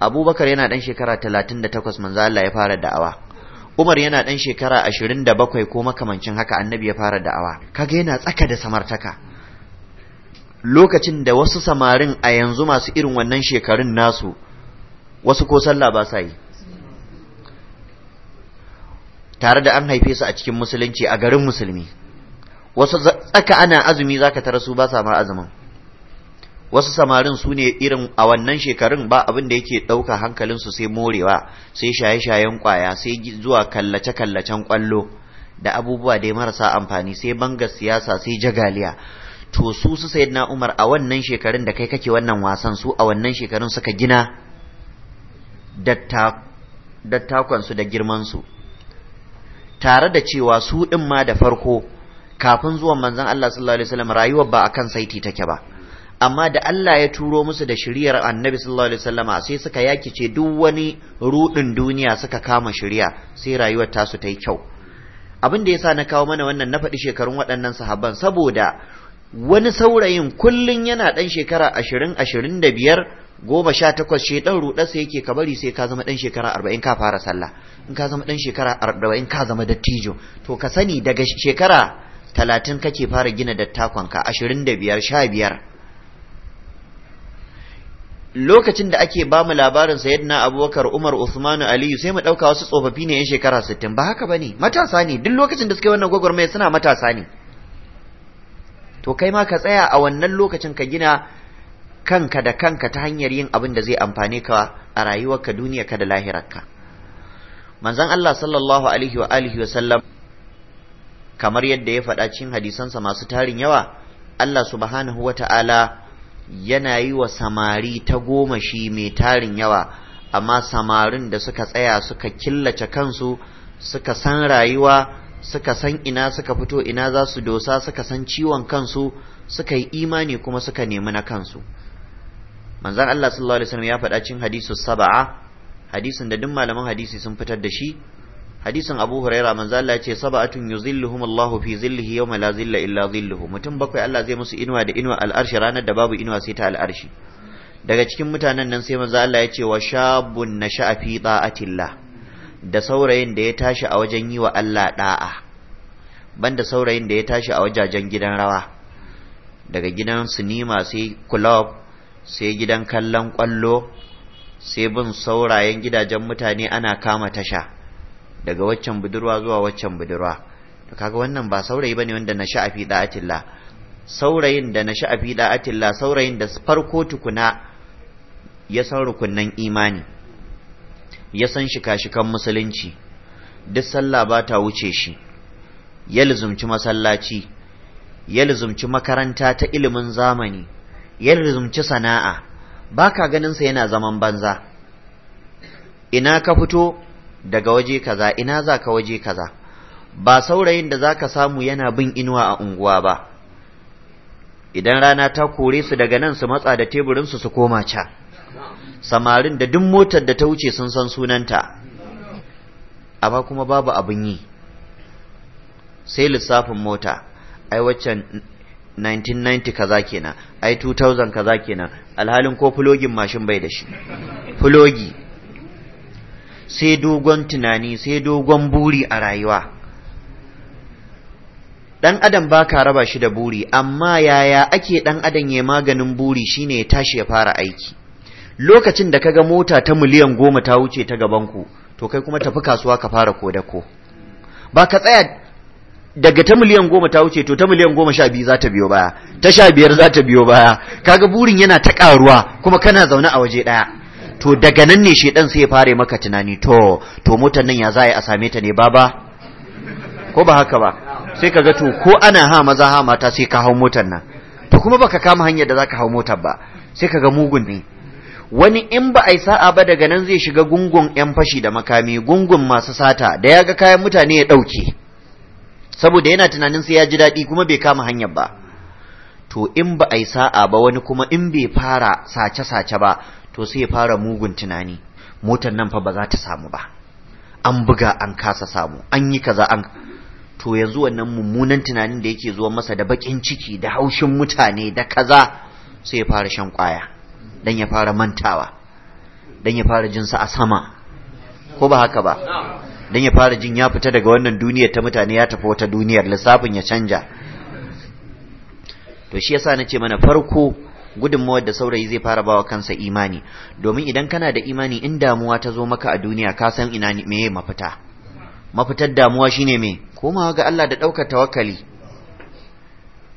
abubakar yana dan shekara 38 manzo Allah ya fara da'awa Umar yana ɗan shekara ashirin da bakwai ko makamancin haka annabi ya fara da'awa kaga yana tsaka da samartaka lokacin da wasu samarin a yanzu masu irin wannan shekarun nasu wasu ko sallah ba sa yi tare da an haife su a cikin musulunci a garin musulmi wasu tsaka ana azumi zaka tara su ba sa ma azumin wasu samarin su ne irin a wannan shekarun ba abin da yake ɗauka hankalin su sai morewa sai shaye-shayen kwaya sai zuwa kallace-kallacen kwallo da abubuwa dai marasa amfani sai bangar siyasa sai jagaliya to su su sayyidina Umar a wannan shekarun da kai kake wannan wasan su a wannan shekarun suka gina da da girmansu. tare da cewa su din ma da farko kafin zuwan manzan Allah sallallahu alaihi wasallam rayuwar ba a kan saiti take ba amma da Allah ya turo musu da shiriyar annabi sallallahu alaihi wasallama sai suka yakice duk wani ruɗin duniya suka kama shirya sai rayuwar tasu ta yi kyau abin da ya sa na kawo mana wannan na faɗi shekarun waɗannan sahabban saboda wani saurayin kullun yana ɗan shekara ashirin ashirin da biyar goma sha takwas shi ɗan rudarsa yake ka bari sai ka zama ɗan shekara arba'in ka fara sallah in ka zama ɗan shekara arba'in ka zama dattijo to ka sani daga shekara talatin kake fara gina dattakonka ashirin da biyar sha biyar lokacin da ake bamu labarin sayyidina abubakar umar usmanu aliyu sai mu ɗauka wasu tsofaffi ne yan shekara sittin ba haka ba ne matasa ne duk lokacin da suka yi wannan gwagwarmaya suna matasa ne to kai ma ka tsaya a wannan lokacin ka gina kanka da kanka ta hanyar yin abin da zai amfane ka a rayuwarka ka da lahirarka manzon Allah sallallahu alaihi wa alihi wa sallam kamar yadda ya faɗa cikin hadisansa masu tarin yawa Allah subhanahu wa ta'ala yana yi wa samari ta goma shi mai tarin yawa amma samarin da suka tsaya suka killace kansu suka san rayuwa suka san ina suka fito ina za su dosa suka san ciwon kansu suka yi imani kuma suka nemi na kansu Manzan Allah sallallahu alaihi wasallam ya faɗa cikin hadisu saba'a hadisin da duk malaman hadisi sun fitar da shi hadisin Abu Huraira manzon Allah ya ce saba'atun yuzilluhum Allah fi zillihi yawma la zilla illa zilluhu mutum bakwai Allah zai musu inuwa da inuwa al'arshi ranar da babu inuwa sai ta al'arshi daga cikin mutanen nan sai manzon Allah ya ce wa shabun nasha'a fi ta'atillah da saurayin da ya tashi a wajen yi wa Allah da'a banda saurayin da ya tashi a wajajen gidan rawa daga gidan sinima sai club sai gidan kallon kwallo sai bin saurayen gidajen mutane ana kama tasha daga waccan budurwa zuwa waccan budurwa to kaga wannan ba saurayi bane wanda na sha afi da'atillah saurayin da na sha afi da'atillah saurayin da farko tukuna ya san rukunnan imani ya san shi kashikan musulunci duk sallah ba ta wuce shi ya lizumci masallaci ya lizumci makaranta ta ilimin zamani ya lizumci sana'a ba ka ganinsa yana zaman banza ina ka fito daga waje kaza ina za ka waje kaza ba saurayin da za ka samu yana bin inuwa a unguwa ba idan rana ta kore su daga nan su matsa da teburinsu su koma ca. samarin da duk motar da ta wuce sun san sunanta amma kuma babu abin yi sai lissafin mota ai waccan 1990 kaza kenan ai 2000 kaza kenan alhalin ko fulogin mashin bai da shi fulogi sai dogon tunani sai dogon buri a rayuwa dan adam baka raba shi da buri amma yaya ake dan adam ya maganin buri shine ya tashi ya fara aiki lokacin da kaga mota ta miliyan goma ta wuce ta gabanku to kai kuma tafi kasuwa ka fara ko da ko ba ka tsaya daga ta miliyan goma ta wuce to ta miliyan goma sha biyu za ta biyo baya ta sha biyar za ta biyo baya kaga burin yana ta karuwa kuma kana zaune a waje ɗaya to daga nan ne shedan sai ya fara maka tunani to to motar nan ya za a same ta ne baba ko ba haka ba sai kaga to ko ana ha maza ha mata sai ka hau motar nan to kuma baka kama hanyar da zaka hau motar ba sai kaga mugun ne wani in ba a yi sa'a ba daga nan zai shiga gungun 'yan fashi da makami gungun masu sata da ya ga kayan mutane ya ɗauke saboda yana tunanin sai ya ji daɗi kuma bai kama hanyar ba to in ba a yi sa'a ba wani kuma in bai fara sace-sace ba to sai ya fara mugun tunani motar nan fa ba za ta samu ba an buga an kasa samu an yi kaza an to yanzu wannan mummunan tunanin da yake zuwa masa da baƙin ciki da haushin mutane da kaza sai ya fara shan ƙwaya dan ya fara mantawa dan ya fara jin sa a sama ko ba haka ba dan ya fara jin ya fita daga wannan duniyar ta mutane ya tafi wata duniyar lissafin ya canja to shi yasa nace mana farko gudunmawar da saurayi zai fara bawa kansa imani domin idan kana da imani in damuwa ta zo maka a duniya ka san ina meye mafita mafitar damuwa shine me komawa ga Allah da ɗaukar tawakkali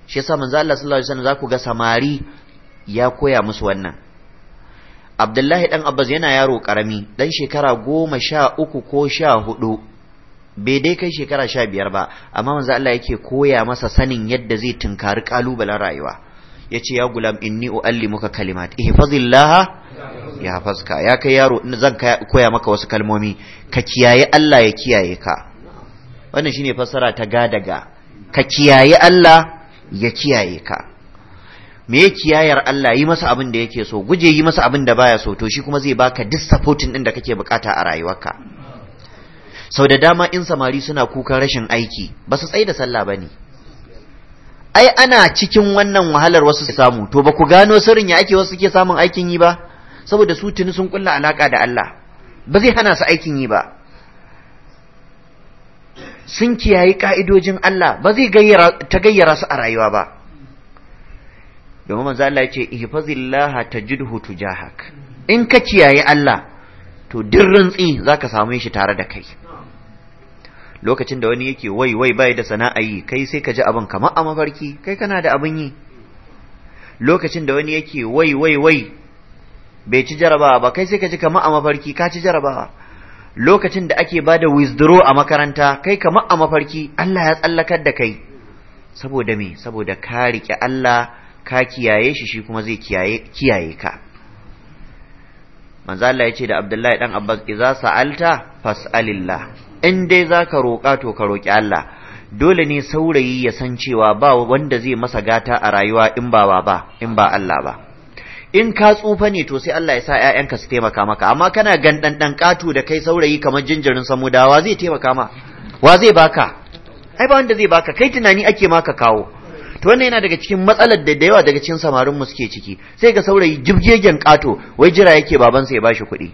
shi yasa manzo Allah sallallahu alaihi wasallam zaku ga samari ya koya musu wannan abdullahi dan abbas yana yaro karami dan shekara goma sha uku ko sha hudu bai dai kai shekara sha biyar ba amma manzo Allah yake koya masa sanin yadda zai tunkari kalubalen rayuwa yace ya gulam inni uallimuka kalimat ihfazillaha yahfazka ya kai yaro in zan koya maka wasu kalmomi ka kiyaye Allah ya kiyaye ka wannan shine fassara ta gadaga ka kiyaye Allah ya kiyaye ka me kiyayar Allah yi masa abin da yake so guje yi masa abin da baya so to shi kuma zai baka duk supporting din da kake bukata a rayuwarka sau da dama in samari suna kukan rashin aiki ba su tsaye da sallah bane ai ana cikin wannan wahalar wasu su samu to ba ku gano sirrin ya ake wasu suke samun aikin yi ba saboda su tuni sun kulla alaka da Allah ba zai hana su aikin yi ba sun kiyayi ka'idojin Allah ba zai ta gayyara su a rayuwa ba domin manzo Allah ya ce ihfazillaha tajidhu tujahak in ka kiyaye Allah to duk rintsi zaka same shi tare da kai lokacin da wani yake wai wai bai da sana'a yi kai sai ka ji abin kamar a mafarki kai kana da abin yi lokacin da wani yake wai wai wai bai ci jarabawa ba kai sai ka ji kamar a mafarki ka ci jarabawa lokacin da ake bada withdraw a makaranta kai kamar a mafarki Allah ya tsallakar da kai saboda me saboda ka rike Allah ka kiyaye shi shi kuma zai kiyaye ka manzo Allah ya ce da Abdullahi dan Abbas idza sa'alta fas'alillah in dai zaka roƙa to ka roƙi Allah dole ne saurayi ya san cewa ba wanda zai masa gata a rayuwa in ba baba in ba Allah ba in ka tsufa ne to sai Allah ya sa ƴaƴanka su taimaka maka amma kana gandan dan katu da kai saurayi kamar jinjirin samu dawa zai taimaka ma wa zai baka ai ba wanda zai baka kai tunani ake maka kawo to wannan yana daga cikin matsalar da yawa daga cikin samarin mu suke ciki sai ga saurayi jibgegen kato wai jira yake babansa ya bashi kuɗi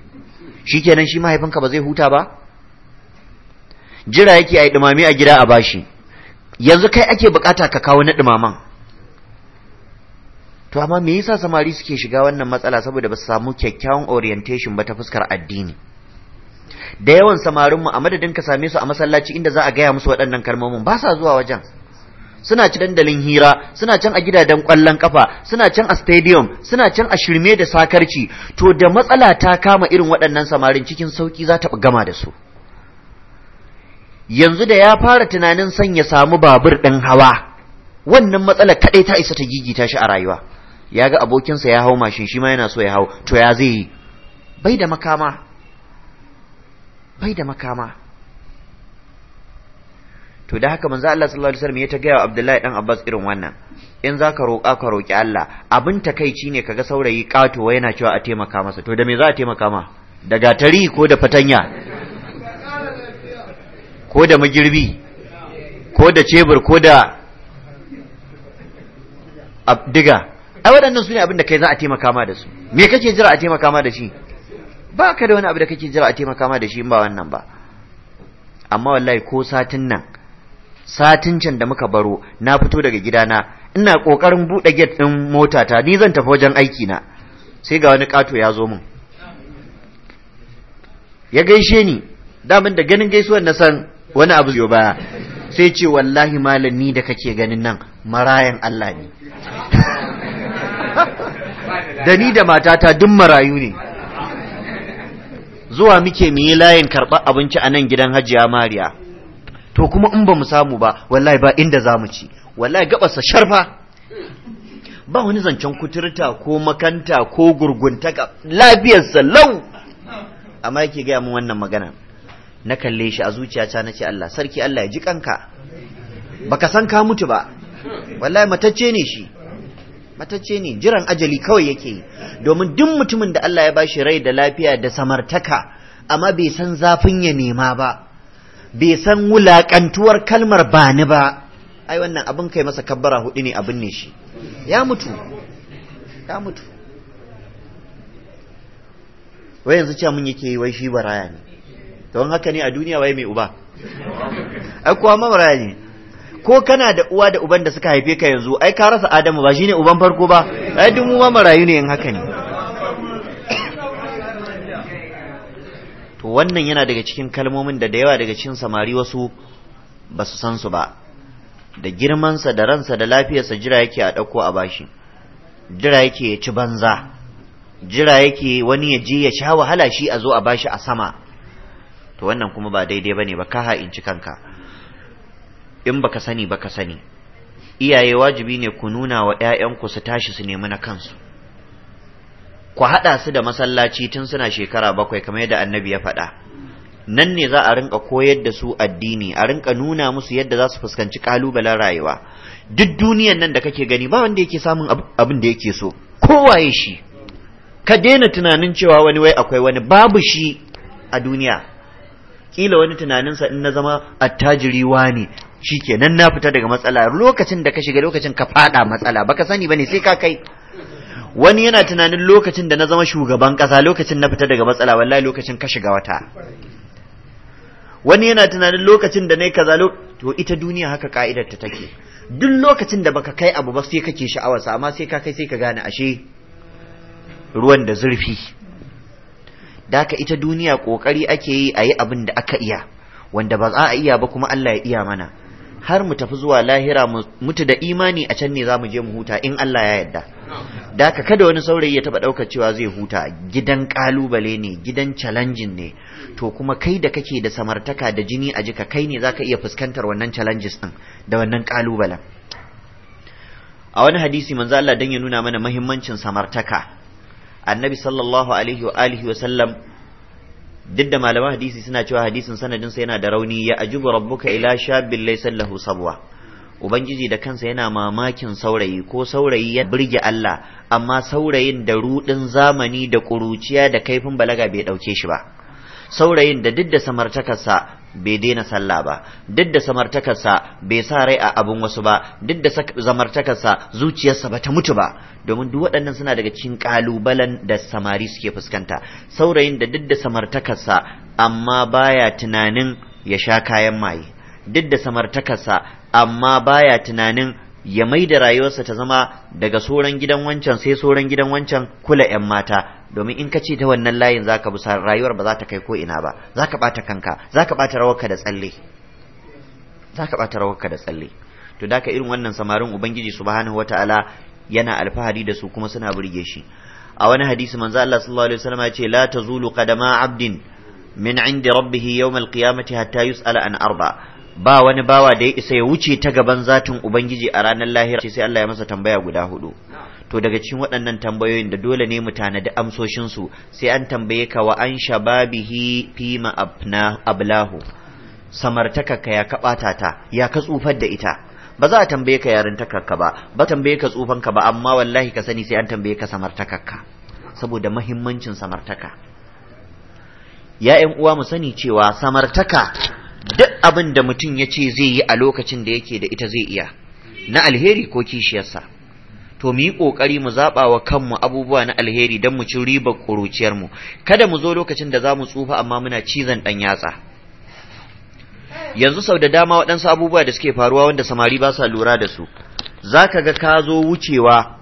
shikenan shi mahaifinka ba zai huta ba jira yake ai dumame a gida a bashi yanzu kai ake bukata ka kawo na dumaman to amma me yasa samari suke shiga wannan matsala saboda ba su samu kyakkyawan orientation ba ta fuskar addini da yawan samarin mu a madadin ka same su a masallaci inda za a gaya musu waɗannan kalmomin ba sa zuwa wajen suna ci dandalin hira suna can a gidajen kwallon kafa suna can a stadium suna can a shirme da sakarci to da matsala ta kama irin waɗannan samarin cikin sauki za ta gama da su yanzu da ya fara tunanin son ya samu babur ɗin hawa wannan matsala kaɗai ta isa ta gigita shi a rayuwa ya ga abokinsa ya hau mashin shi ma yana so ya hau to ya zai yi bai da makama bai da makama to da haka manzo Allah sallallahu alaihi wasallam ya ta gaya wa Abdullahi dan Abbas irin wannan in zaka roƙa ka roƙi Allah abin takeici ne kaga saurayi katowa yana cewa a taimaka masa to da me za a taimaka ma da gatari ko da fatanya ko da magirbi ko da cebur ko da diga ai waɗannan su ne abin da kai za a taimaka ma da su me kake jira a taimaka ma da shi ba ka da wani abu da kake jira a taimaka ma da shi in ba wannan ba amma wallahi ko satin nan satin can da muka baro na fito daga gidana ina kokarin bude gate din motata ni zan tafi wajen aiki na sai ga wani kato ya zo min ya gaishe ni damin da ganin gaisuwar na san wani abu yo baya sai ce wallahi malam ni da kake ganin nan marayan Allah ne da ni da matata duk marayu ne zuwa muke mu yi layin karɓar abinci a nan gidan hajiya mariya to kuma in ba mu samu ba wallahi ba inda za mu ci wallahi gabasa sharfa ba wani zancen kuturta ko makanta ko gurguntaka lafiyarsa lau amma yake gaya min wannan magana na kalle shi a zuciyata na ce Allah sarki Allah ya ji kanka baka san ka mutu ba wallahi matacce ne shi matacce ne jiran ajali kawai yake yi domin duk mutumin da Allah ya bashi rai da lafiya da samartaka amma bai san zafin ya nema ba bai san wulaƙantuwar kalmar ba ni ba ai wannan abin kai masa kabbara hudu ne abin ne shi ya mutu ya mutu wai yanzu cewa mun yake yi wai shi baraya ne don haka ne a duniya wai mai uba ai kuwa ma baraya ne ko kana da uwa da uban da suka haife ka yanzu ai ka rasa adamu ba shine uban farko ba ai dun mu ma marayu ne in haka ne to wannan yana daga cikin kalmomin da da yawa daga cikin samari wasu ba su san su ba da girmansa da ransa da lafiyarsa jira yake a ɗauko a bashi jira yake ya ci banza jira yake wani ya je ya sha wahala shi a zo a bashi a sama to wannan kuma ba daidai bane ba ka ha'inci kanka in baka sani baka sani iyaye wajibi ne ku nuna wa 'ya'yanku su tashi su nemi na kansu ku haɗa su da masallaci tun suna shekara bakwai kamar yadda annabi ya faɗa nan ne za a rinka koyar da su addini a rinka nuna musu yadda za su fuskanci ƙalubalen rayuwa duk duniyan nan da kake gani ba wanda yake samun abin da yake so kowaye shi ka daina tunanin cewa wani wai akwai wani babu shi a duniya kila wani tunaninsa in na zama attajiri ne kenan na fita daga matsala lokacin da ka shiga lokacin ka faɗa matsala baka sani bane sai ka kai wani yana tunanin lokacin da na zama shugaban ƙasa lokacin na fita daga matsala wallahi lokacin ka shiga wata wani yana tunanin lokacin da na kaza to ita duniya haka ka'idar ta take duk lokacin da baka kai abu ba sai kake sha'awa amma sai ka kai sai ka gane ashe ruwan da zurfi daka ita duniya kokari ake yi ayi abin da aka iya wanda ba za a iya ba kuma Allah ya iya mana har mu tafi zuwa lahira mutu da imani a can ne za mu je mu huta in Allah ya yarda da ka kada wani saurayi ya taba ɗauka cewa zai huta gidan kalubale ne gidan challenging ne to kuma kai da kake da samartaka da jini a jika kai ne zaka iya fuskantar wannan challenges din da wannan kalubalen a wani hadisi manzo Allah dan ya nuna mana muhimmancin samartaka annabi sallallahu alaihi wa alihi wa sallam duk da malaman hadisi suna cewa hadisin sanadin sa yana da rauni ya ajubu rabbuka ila shabbil laysa lahu sabwa ubangiji da kansa yana mamakin saurayi ko saurayi ya burge Allah amma saurayin da rudin zamani da kuruciya da kaifin balaga bai dauke shi ba saurayin da duk da samartakarsa bai daina sallah ba duk da samartakarsa bai sa rai a abun wasu ba duk da zamartakarsa zuciyarsa ba ta mutu ba domin duk waɗannan suna daga cikin ƙalubalen da samari suke fuskanta saurayin da duk da samartakarsa amma baya tunanin ya sha kayan maye duk da samartakarsa amma baya tunanin ya mai da rayuwarsa ta zama daga soran gidan wancan sai soran gidan wancan kula 'yan mata domin in ka ce ta wannan layin za ka busa rayuwar ba za ta kai ko ba za ka ɓata kanka za ka ɓata rawarka da tsalle za ka ɓata rawarka da tsalle to da ka irin wannan samarin ubangiji subhanahu wataala yana alfahari da su kuma suna burge shi a wani hadisi manzo Allah sallallahu alaihi wasallam ya ce la tazulu qadama abdin min indi rabbih yawm alqiyamati hatta yus'ala an arba' ba wani bawa da ya isa ya wuce ta gaban zatin ubangiji a ranar lahira sai Allah ya masa tambaya guda hudu to daga cikin waɗannan tambayoyin da dole ne mu tanadi amsoshinsu sai an tambaye ka wa an shababihi fi ma'abna ablahu samartaka ya kaɓata ta ya ka tsufar da ita ba za a tambaye ka yarintakarka ba ba tambaye ka tsufanka ba amma wallahi ka sani sai an tambaye ka samartakarka saboda mahimmancin samartaka Ya'yan uwa mu sani cewa samartaka duk abin da mutum ya ce zai yi a lokacin da yake da ita zai iya na alheri ko kishiyarsa to mu yi ƙoƙari mu zaɓa wa kanmu abubuwa na alheri don mu ci ribar ƙuruciyarmu kada mu zo lokacin da za mu tsufa amma muna cizon ɗan yatsa yanzu sau da dama waɗansu abubuwa da suke faruwa wanda samari ba sa lura da su za ka ga ka zo wucewa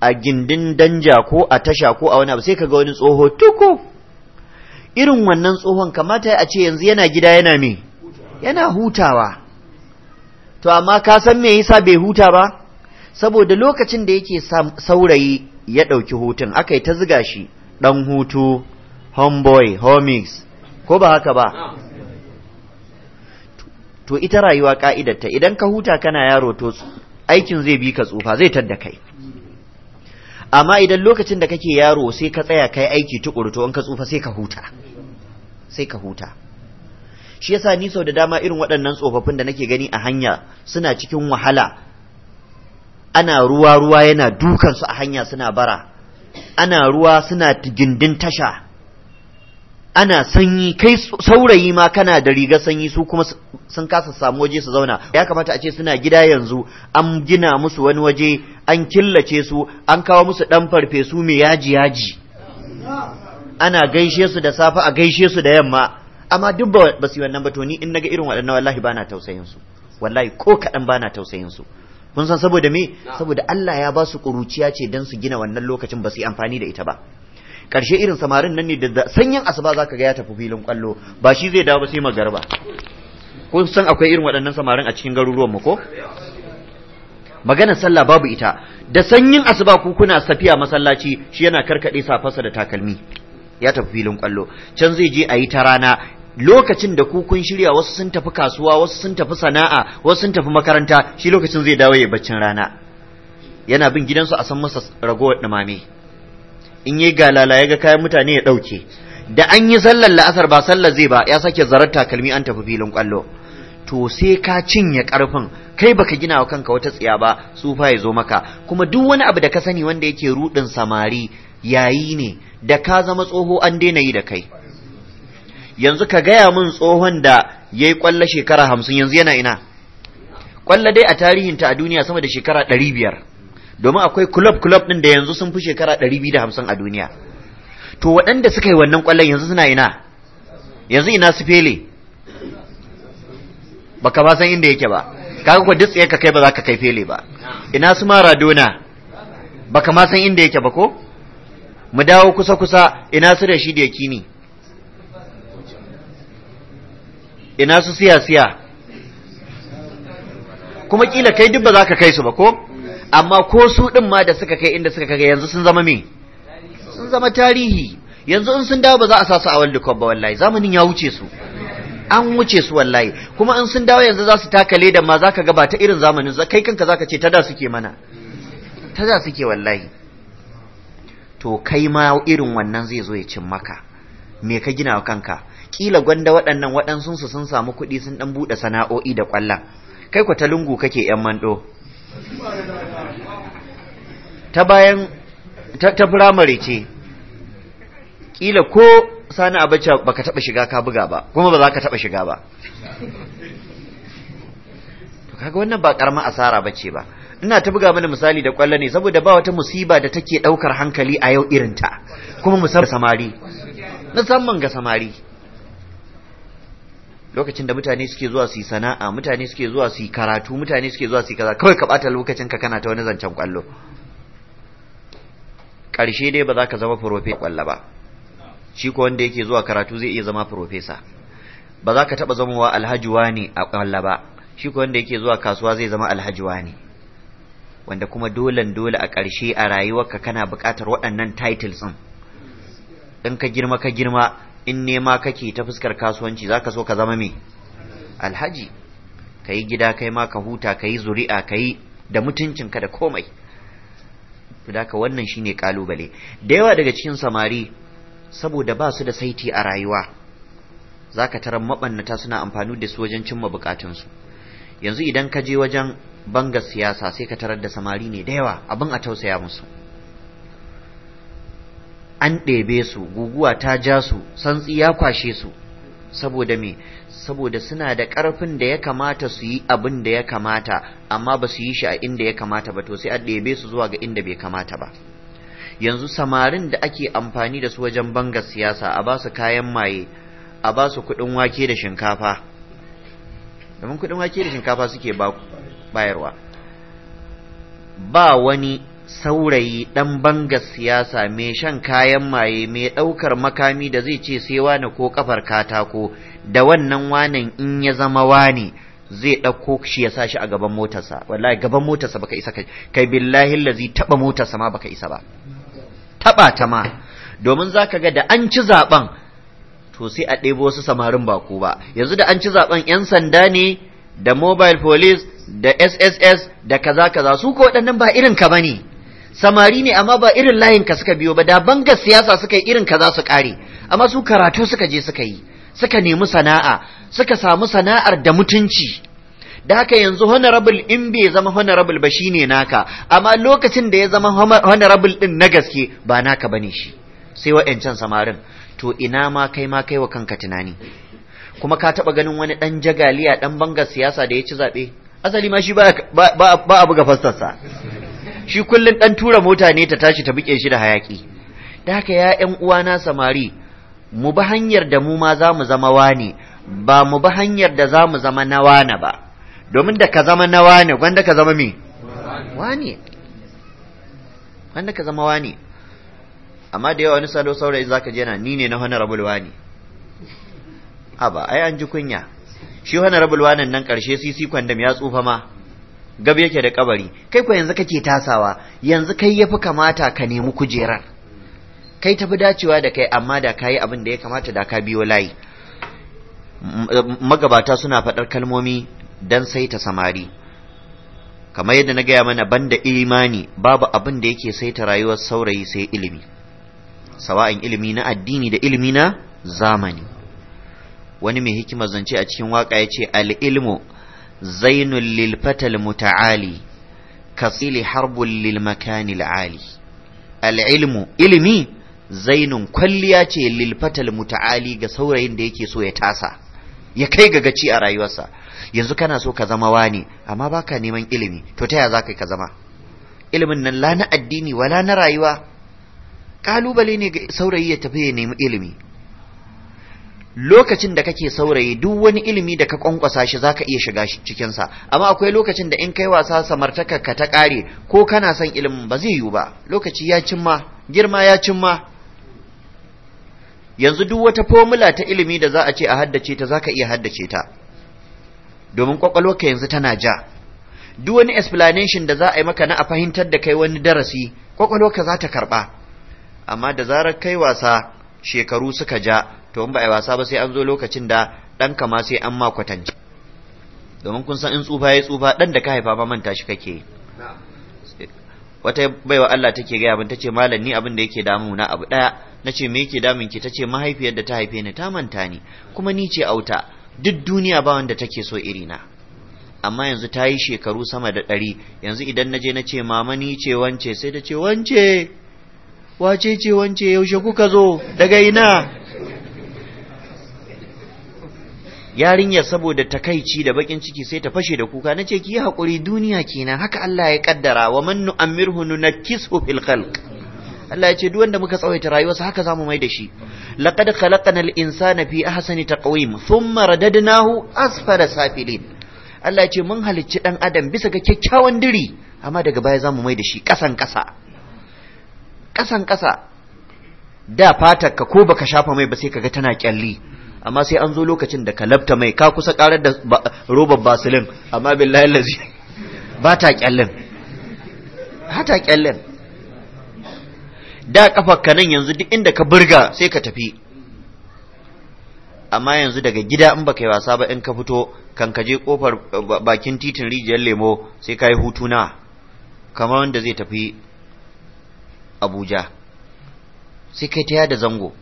a gindin danja ko a tasha ko a wani abu sai ka ga wani tsoho tuku? irin wannan tsohon kamata a ce yanzu yana gida yana me yana hutawa to amma ka san me yasa bai huta ba saboda lokacin da yake saurayi ya ɗauki hutun aka ta ziga shi ɗan hutu homeboy homies ko ba haka ba to ita rayuwa ka'idarta idan ka huta kana yaro to aikin zai bi ka tsufa zai tadda kai amma idan lokacin da kake yaro sai ka tsaya kai aiki tukuru to in ka tsufa sai ka huta sai ka huta shi yasa ni sau da dama irin waɗannan tsofaffin da nake gani a hanya suna cikin wahala ana ruwa ruwa yana dukansu a hanya suna bara ana ruwa suna gindin tasha ana sanyi kai saurayi ma kana da rigar sanyi su kuma sun kasa samu waje su zauna ya kamata a ce suna gida yanzu an gina musu wani waje an killace su an kawo musu ɗan farfesu mai yaji yaji ana gaishe su da safe a gaishe su da yamma amma duk ba su yi wannan ba to ni in naga irin waɗannan wallahi bana tausayin su wallahi ko kaɗan bana tausayin su kun san saboda me saboda Allah ya ba su kuruciya ce dan su gina wannan lokacin ba su yi amfani da ita ba karshe irin samarin nan ne da sanyin asuba zaka ga ya tafi filin kwallo ba shi zai dawo ba sai magarba kun san akwai irin waɗannan samarin a cikin garuruwan mu ko maganar sallah babu ita da sanyin asuba ku kuna safiya masallaci shi yana karkade safarsa da takalmi ya tafi filin kwallo can zai je a yi ta rana lokacin da ku kun shirya wasu sun tafi kasuwa wasu sun tafi sana'a wasu sun tafi makaranta shi lokacin zai dawo ya baccin rana yana bin gidansu a san masa ragowar ɗumame in yi galala ya ga kayan mutane ya ɗauke da an yi sallar la'asar ba sallar zai ba ya sake zarar takalmi an tafi filin kwallo. to sai ka cinye karfin kai baka gina wa kanka wata tsiya ba tsufa ya zo maka kuma duk wani abu da ka sani wanda yake ruɗin samari yayi ne da ka zama tsoho an daina yi da kai yanzu ka gaya min tsohon da ya yi kwalla shekara hamsin yanzu yana ina kwalla dai a tarihinta a duniya sama da shekara ɗari biyar domin akwai kulob kulob ɗin da yanzu sun fi shekara ɗari biyu da hamsin a duniya to waɗanda suka yi wannan kwallon yanzu suna ina yanzu ina su fele baka ba san inda yake ba kaga ko duk ka kai ba za ka kai fele ba ina su maradona baka ma san inda yake ba ko mu dawo kusa kusa ina su da shi da yakini ina su siya siya kuma kila kai duk ba za ka kai su ba ko amma ko su din ma da suka kai inda suka kai yanzu sun zama me sun zama tarihi yanzu in sun dawo ba za a sa su a World Cup ba wallahi zamanin ya wuce su an wuce su wallahi kuma in sun dawo yanzu za su taka leda ma za ka gaba ta irin zamanin kai kanka za ka ce ta da suke mana ta da suke wallahi to kai ma irin wannan zai zo ya cin maka me ka gina wa kanka kila gwanda waɗannan waɗansunsu sun samu kuɗi sun ɗan buɗe sana'o'i da ƙwallon kai ku ta lungu kake ‘yan mando ta bayan ta firamare ce kila ko sani abacha baka taɓa shiga ka buga ba kuma ba za ka taɓa shiga ba to kaga wannan ba karama asara ba ce ba ina ta buga mana misali da ƙwallo ne saboda ba wata musiba da take ɗaukar hankali a yau irinta kuma musamman samari musamman ga samari lokacin da mutane suke zuwa su yi sana'a mutane suke zuwa su yi karatu mutane suke zuwa su yi kaza kawai ka bata lokacin ka kana ta wani zancen kwallo karshe dai ba za ka zama profesa kwallo ba shi ko wanda yake zuwa karatu zai iya zama profesa ba za ka taba wa alhaji wani a kwallo ba shi ko wanda yake zuwa kasuwa zai zama alhaji wani wanda kuma dole dole a ƙarshe a rayuwarka kana buƙatar waɗannan titles ɗin in ka girma ka girma in nema kake ta fuskar kasuwanci zaka so ka zama me alhaji kayi gida kai ma ka huta kayi zuri'a kayi da mutuncinka da komai ka wannan shine kalubale da yawa daga cikin samari saboda ba su da saiti a rayuwa zaka tarar mabannata suna amfani da su wajen cimma su yanzu idan ka je wajen banga siyasa sai ka tarar da samari ne da yawa abin a tausaya musu an ɗebe su guguwa ta ja su santsi ya kwashe su saboda me saboda suna da ƙarfin da ya kamata su yi abin da ya kamata amma ba su yi shi a inda ya kamata ba to sai an ɗebe su zuwa ga inda bai kamata ba yanzu samarin da ake amfani da su wajen banga siyasa a ba su kayan maye a ba su kuɗin wake da shinkafa domin kuɗin wake da shinkafa suke bayarwa ba wani saurayi ɗan banga siyasa mai shan kayan maye mai ɗaukar makami da zai ce sai wane ko kafar katako da wannan wanan in ya zama wane zai ɗauko shi ya sa shi a gaban motarsa wallahi gaban motarsa baka isa kai billahi lazi taɓa motarsa ma baka isa ba taba ta ma domin zaka ga da an ci zaben to sai a ɗebo wasu samarin ba ba yanzu da an ci zaben 'yan sanda ne da mobile police da sss da kaza kaza su ko waɗannan ba irin ka bane samari ne amma ba irin layin ka suka biyo ba da bangar siyasa suka yi irin ka za su kare amma su karatu suka je suka yi suka nemi sana'a suka samu sana'ar da mutunci da haka yanzu honorable in bai zama honorable ba shine naka amma lokacin da ya zama honorable din na gaske ba naka bane shi sai wa'ancan samarin to ina ma kai ma kai wa kanka tunani kuma ka taba ganin wani dan jagaliya dan bangar siyasa da ya ci zabe asali ma shi ba ba abu ga fassarsa shi kullun dan tura mota ne ta tashi ta buke shi da hayaki da haka ya ƴan uwana samari mu ba hanyar da mu ma za mu zama wani ba mu ba hanyar da za mu zama na wane ba domin da ka zama na wane gwanda ka zama me wane Wanda ka zama wane amma da yawa wani salo saurayi zaka je na ni ne na rabul wani a ba ai an ji kunya shi rabul wanan nan karshe sisi kwandam ya tsufa ma gab yake da kabari kai ko yanzu kake tasawa yanzu kai yafi kamata ka nemi kujerar kai tafi dacewa da kai amma da kayi abin da ya kamata da ka biyo layi magabata suna faɗar kalmomi dan saita samari kamar yadda na gaya mana banda imani babu abin da yake saita rayuwar saurayi sai ilimi sawa'in ilimi na addini da ilimi na zamani wani mai hikimar zance a cikin waka ya ce al'ilmu زين للفتى المتعالي Katsili حرب للمكان العالي Al'ilmu. Ilimi. zainun kwalliya ce lilfatal muta'ali ga saurayin da yake so ya tasa ya kai ga gaci a rayuwarsa yanzu kana so ka zama wani amma baka neman ilimi to ta ya za ka zama ilimin nan la na addini wala na rayuwa kalubale ne ga saurayi ya tafi ya nemi ilimi lokacin da kake saurayi duk wani ilimi da ka kwankwasa shi zaka iya shiga cikin sa amma akwai lokacin da in kai wasa samartaka ka ta kare ko kana son ilimin ba zai yiwu ba lokaci ya cimma girma ya cimma yanzu duk wata fomula ta ilimi da za a ce a haddace ta zaka iya haddace ta domin kwakwalwarka yanzu tana ja duk wani explanation da za a yi maka na a fahimtar da kai wani darasi kwakwalwarka za ta karɓa. amma da zarar kai wasa shekaru suka ja to in ba a wasa ba sai an zo lokacin da dan kama sai an ma kwatance domin kun san in tsufa ya tsufa Dan da ka haifa ba manta shi kake wata baiwa Allah take gaya min tace malam ni abin da yake na abu daya nace me yake damun ki tace mahaifiyar da ta haife ni ta manta ni kuma ni ce auta duk duniya ba wanda take so iri na amma yanzu ta yi shekaru sama da ɗari yanzu idan naje na ce mama ni ce wance sai ta ce wance wace ce wance yaushe kuka zo daga ina yarinya saboda takaici da bakin ciki sai ta fashe da kuka nace ki hakuri duniya kenan haka Allah ya kaddara wa man nu'ammirhu nunakkisuhu fil khalq Allah ya ce duk wanda muka tsawaita rayuwarsa haka zamu mai da shi laqad khalaqnal insana fi ahsani taqwim thumma radadnahu asfala safilin Allah ya ce mun halicci dan adam bisa ga kyakkyawan diri amma daga baya zamu mai da shi kasan kasa kasan kasa da fatar ka ko baka shafa mai ba sai kaga tana kyalli amma sai an zo lokacin da ka labta mai ka kusa karar da robar basilin amma billahi lazi ba ta kyallin ba ta kyallin da kafar ka nan yanzu duk inda ka burga sai ka tafi amma yanzu daga gida in baka yi wasa ba in ka fito kan ka je kofar bakin titin rijiyar lemo sai ka yi hutu na kamar wanda zai tafi abuja sai kai ta yada zango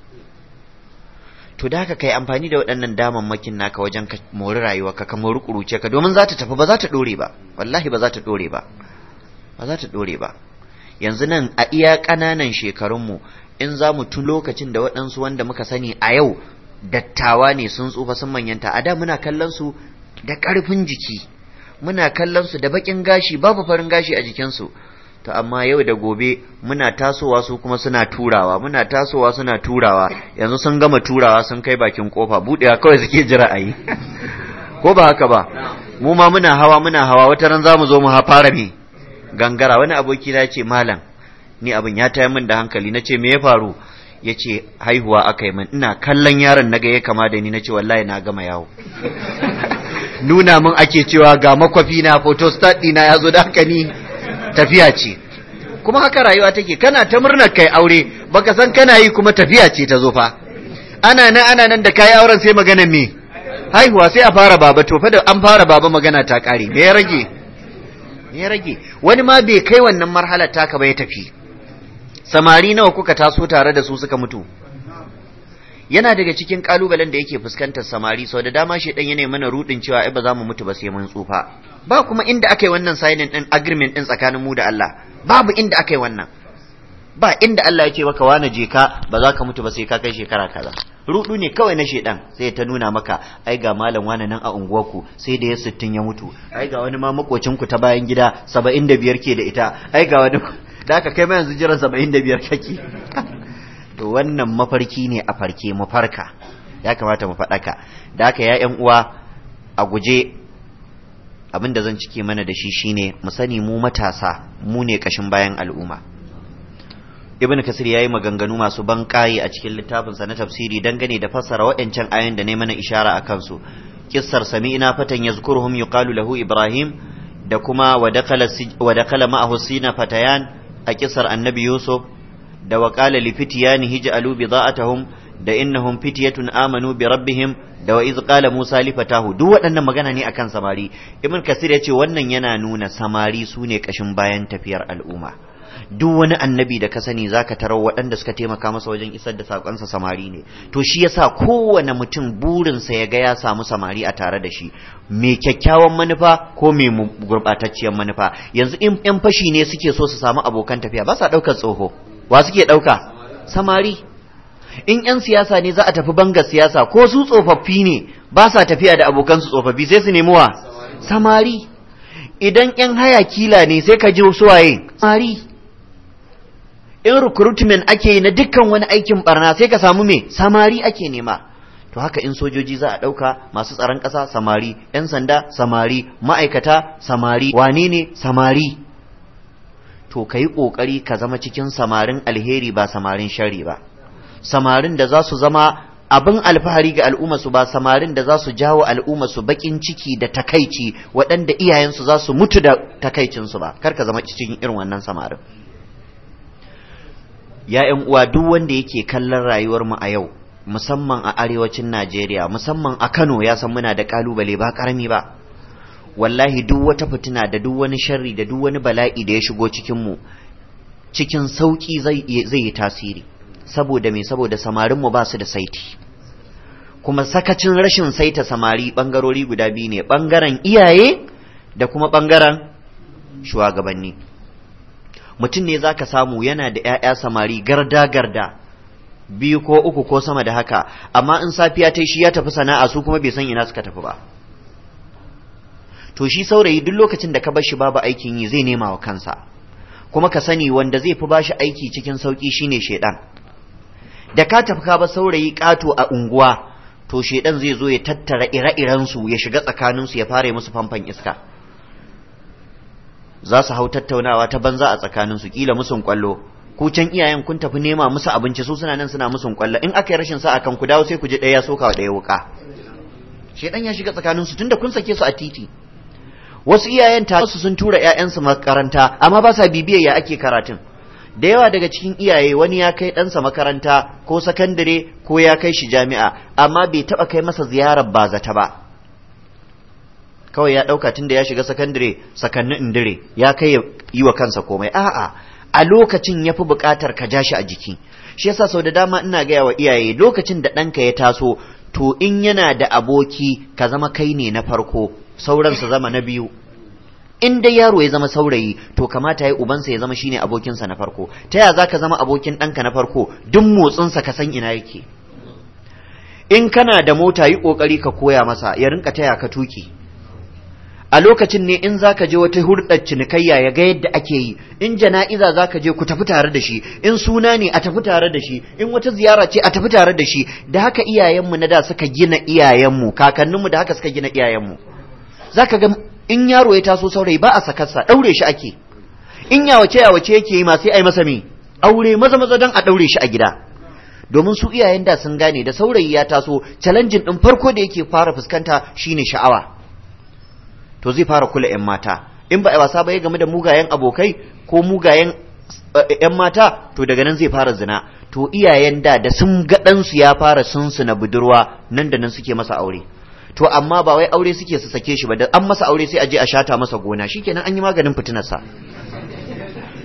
to da ka kai amfani da waɗannan damammakin naka wajen ka mori rayuwa ka mori kuruce ka domin za ta tafi ba za ta dore ba wallahi ba za ta dore ba ba za ta dore ba yanzu nan a iya ƙananan mu in za mu tu lokacin da waɗansu wanda muka sani a yau dattawa ne sun tsufa sun manyanta a da muna kallon su da ƙarfin jiki muna kallon su da baƙin gashi babu farin gashi a jikinsu to amma yau da gobe muna tasowa su kuma suna turawa muna tasowa suna turawa yanzu sun gama turawa sun kai bakin kofa budewa kawai suke jira ayi ko ba haka ba mu ma muna hawa muna hawa wata ran za mu zo mu ha fara me gangara wani aboki na ce malam ni abin ya taya min da hankali na ce me ya faru ya ce haihuwa aka yi min ina kallon yaron na ya kama da ni na ce wallahi na gama yawo nuna min ake cewa ga makwafi na photostat ɗina ya zo da haka ni tafiya ce kuma haka rayuwa take kana ta murnar kai aure baka san kana yi kuma tafiya ce ta zo fa ana nan ana nan da kai auren sai magana me haihuwa sai a fara baba to fa da an fara baba magana ta kare me ya rage me ya rage wani ma bai kai wannan marhalar taka ba ya tafi samari nawa kuka taso tare da su suka mutu yana daga cikin kalubalen da yake fuskantar samari sau da dama shi dan yana mana rudin cewa ai ba za mu mutu ba sai mun tsufa ba kuma inda aka yi wannan signing din agreement din tsakanin mu da Allah babu inda aka yi wannan ba inda Allah ya ce maka wani je ka ba za ka mutu ba sai ka kai shekara kaza rudu ne kawai na shedan sai ta nuna maka ai ga malam wani nan a unguwarku sai da ya sittin ya mutu ai ga wani ma makocin ku ta bayan gida 75 ke da ita ai ga wani da aka kai ma yanzu jiran 75 kake to wannan mafarki ne a farke mu farka ya kamata mu faɗaka da aka ya ‘yan uwa a guje abin da zan cike mana da shi shine mu sani mu matasa mu ne kashin bayan al'umma ibn kasir ya yi maganganu masu ban a cikin littafinsa na tafsiri dangane da fassara waɗancan ayoyin da ne mana ishara a kansu kissar Samina fatan yazkuruhum yuqalu lahu ibrahim da kuma wa dakala ma'ahu sina fatayan a kissar annabi yusuf da wa qala li fityani hij'alu bida'atahum da innahum fitiyatun amanu bi rabbihim da wa iz qala musa li fatahu duk waɗannan magana ne akan samari ibn kasir yace wannan yana nuna samari sune kashin bayan tafiyar al'umma duk wani annabi da ka sani zaka tarar waɗanda suka taimaka masa wajen isar da saƙonsa samari ne to shi yasa kowane mutum burinsa ya ga ya samu samari a tare da shi mai kyakkyawan manufa ko mai gurɓatacciyar manufa yanzu in 'yan fashi ne suke so su samu abokan tafiya ba sa ɗaukar tsoho wa suke ɗauka samari in 'yan siyasa ne za a tafi bangar siyasa ko su tsofaffi ne ba sa tafiya da abokansu tsofaffi sai su nemi wa samari idan 'yan hayakila ne sai ka ji suwaye samari in recruitment ake yi na dukkan wani aikin barna sai ka samu me samari ake nema to haka in sojoji za a ɗauka masu tsaron ƙasa samari 'yan sanda samari ma'aikata samari wane ne samari to ka yi ƙoƙari ka zama cikin samarin alheri ba samarin shari ba samarin da za su zama abin alfahari ga al'umma su ba samarin da za su jawo al'umma su bakin ciki da takaici waɗanda iyayensu za su mutu da takaicinsu ba kar ka zama cikin irin wannan samarin ya uwa duk wanda yake kallon rayuwar mu a yau musamman a arewacin Najeriya musamman a Kano ya san muna da kalubale ba karami ba wallahi duk wata fitina da duk wani sharri da duk wani bala'i da ya shigo cikinmu cikin sauki zai yi tasiri saboda me saboda samarinmu ba su da saiti kuma sakacin rashin saita samari bangarori guda biyu ne bangaren iyaye da kuma ɓangaren shugabanni mutum ne zaka samu yana da 'ya'ya samari garda-garda biyu ko uku ko sama da haka amma in safiya ta shi ya tafi sana'a su kuma bai san ina suka tafi ba to shi saurayi duk lokacin da ka bar shi babu aikin yi zai nema wa kansa kuma ka sani wanda zai fi bashi aiki cikin sauki shine shedan da ka tafi ka ba saurayi kato a unguwa to shedan zai zo ya tattara ire-iren su ya shiga tsakanin su ya fara musu fanfan iska za su hau tattaunawa ta banza a tsakanin su kila musun kwallo ku can iyayen kun tafi nema musu abinci su suna nan suna musun kwallo in aka yi rashin sa'a kan ku dawo sai ku ji ɗaya soka wa ɗaya wuka shedan ya shiga tsakanin su tunda kun sake su a titi wasu iyayen ta su sun tura ƴaƴansu makaranta amma ba sa bibiyar ya ake karatun da yawa daga cikin iyaye wani ya kai ɗansa makaranta ko sakandare ko ya kai shi jami'a amma bai taɓa kai masa ziyarar bazata ba kawai ya ɗauka tun da ya shiga sakandare sakannin dire ya kai yi wa kansa komai a'a a lokacin ya fi buƙatar ka ja shi a jiki shi yasa sau da dama ina gaya wa iyaye lokacin da ɗanka ya taso to in yana da aboki ka zama kai ne na farko sauran sa zama na biyu in dai yaro ya zama saurayi to kamata ya ubansa ya zama shine abokinsa na farko ta ya zaka zama abokin ɗanka na farko duk motsinsa ka san ina yake in kana da mota yi ƙoƙari ka koya masa ya rinka taya ka tuki a lokacin ne in zaka je wata hurɗar cinikayya ya ga yadda ake yi in jana'iza zaka je ku tafi tare da shi in suna ne a tafi tare da shi in wata ziyara ce a tafi tare da shi da haka iyayenmu na da suka gina iyayenmu kakanninmu da haka suka gina iyayen mu. zaka ga in yaro ya taso saurayi ba a sakarsa daure shi ake in yawace yawace yake yi ma sai ai masa me aure maza maza dan a daure shi a gida domin su iyayen da sun gane da saurayi ya taso challenging din farko da yake fara fuskanta shine sha'awa to zai fara kula yan mata in ba a wasa ba ya game da mugayen abokai ko mugayen eh, yan mata to daga nan zai fara zina to iyayen da da sun ga ɗansu ya fara sunsuna budurwa nan da nan suke masa aure to amma ba wai aure suke su sake shi ba da an masa aure sai a je a shata masa gona shikenan an yi maganin fitinarsa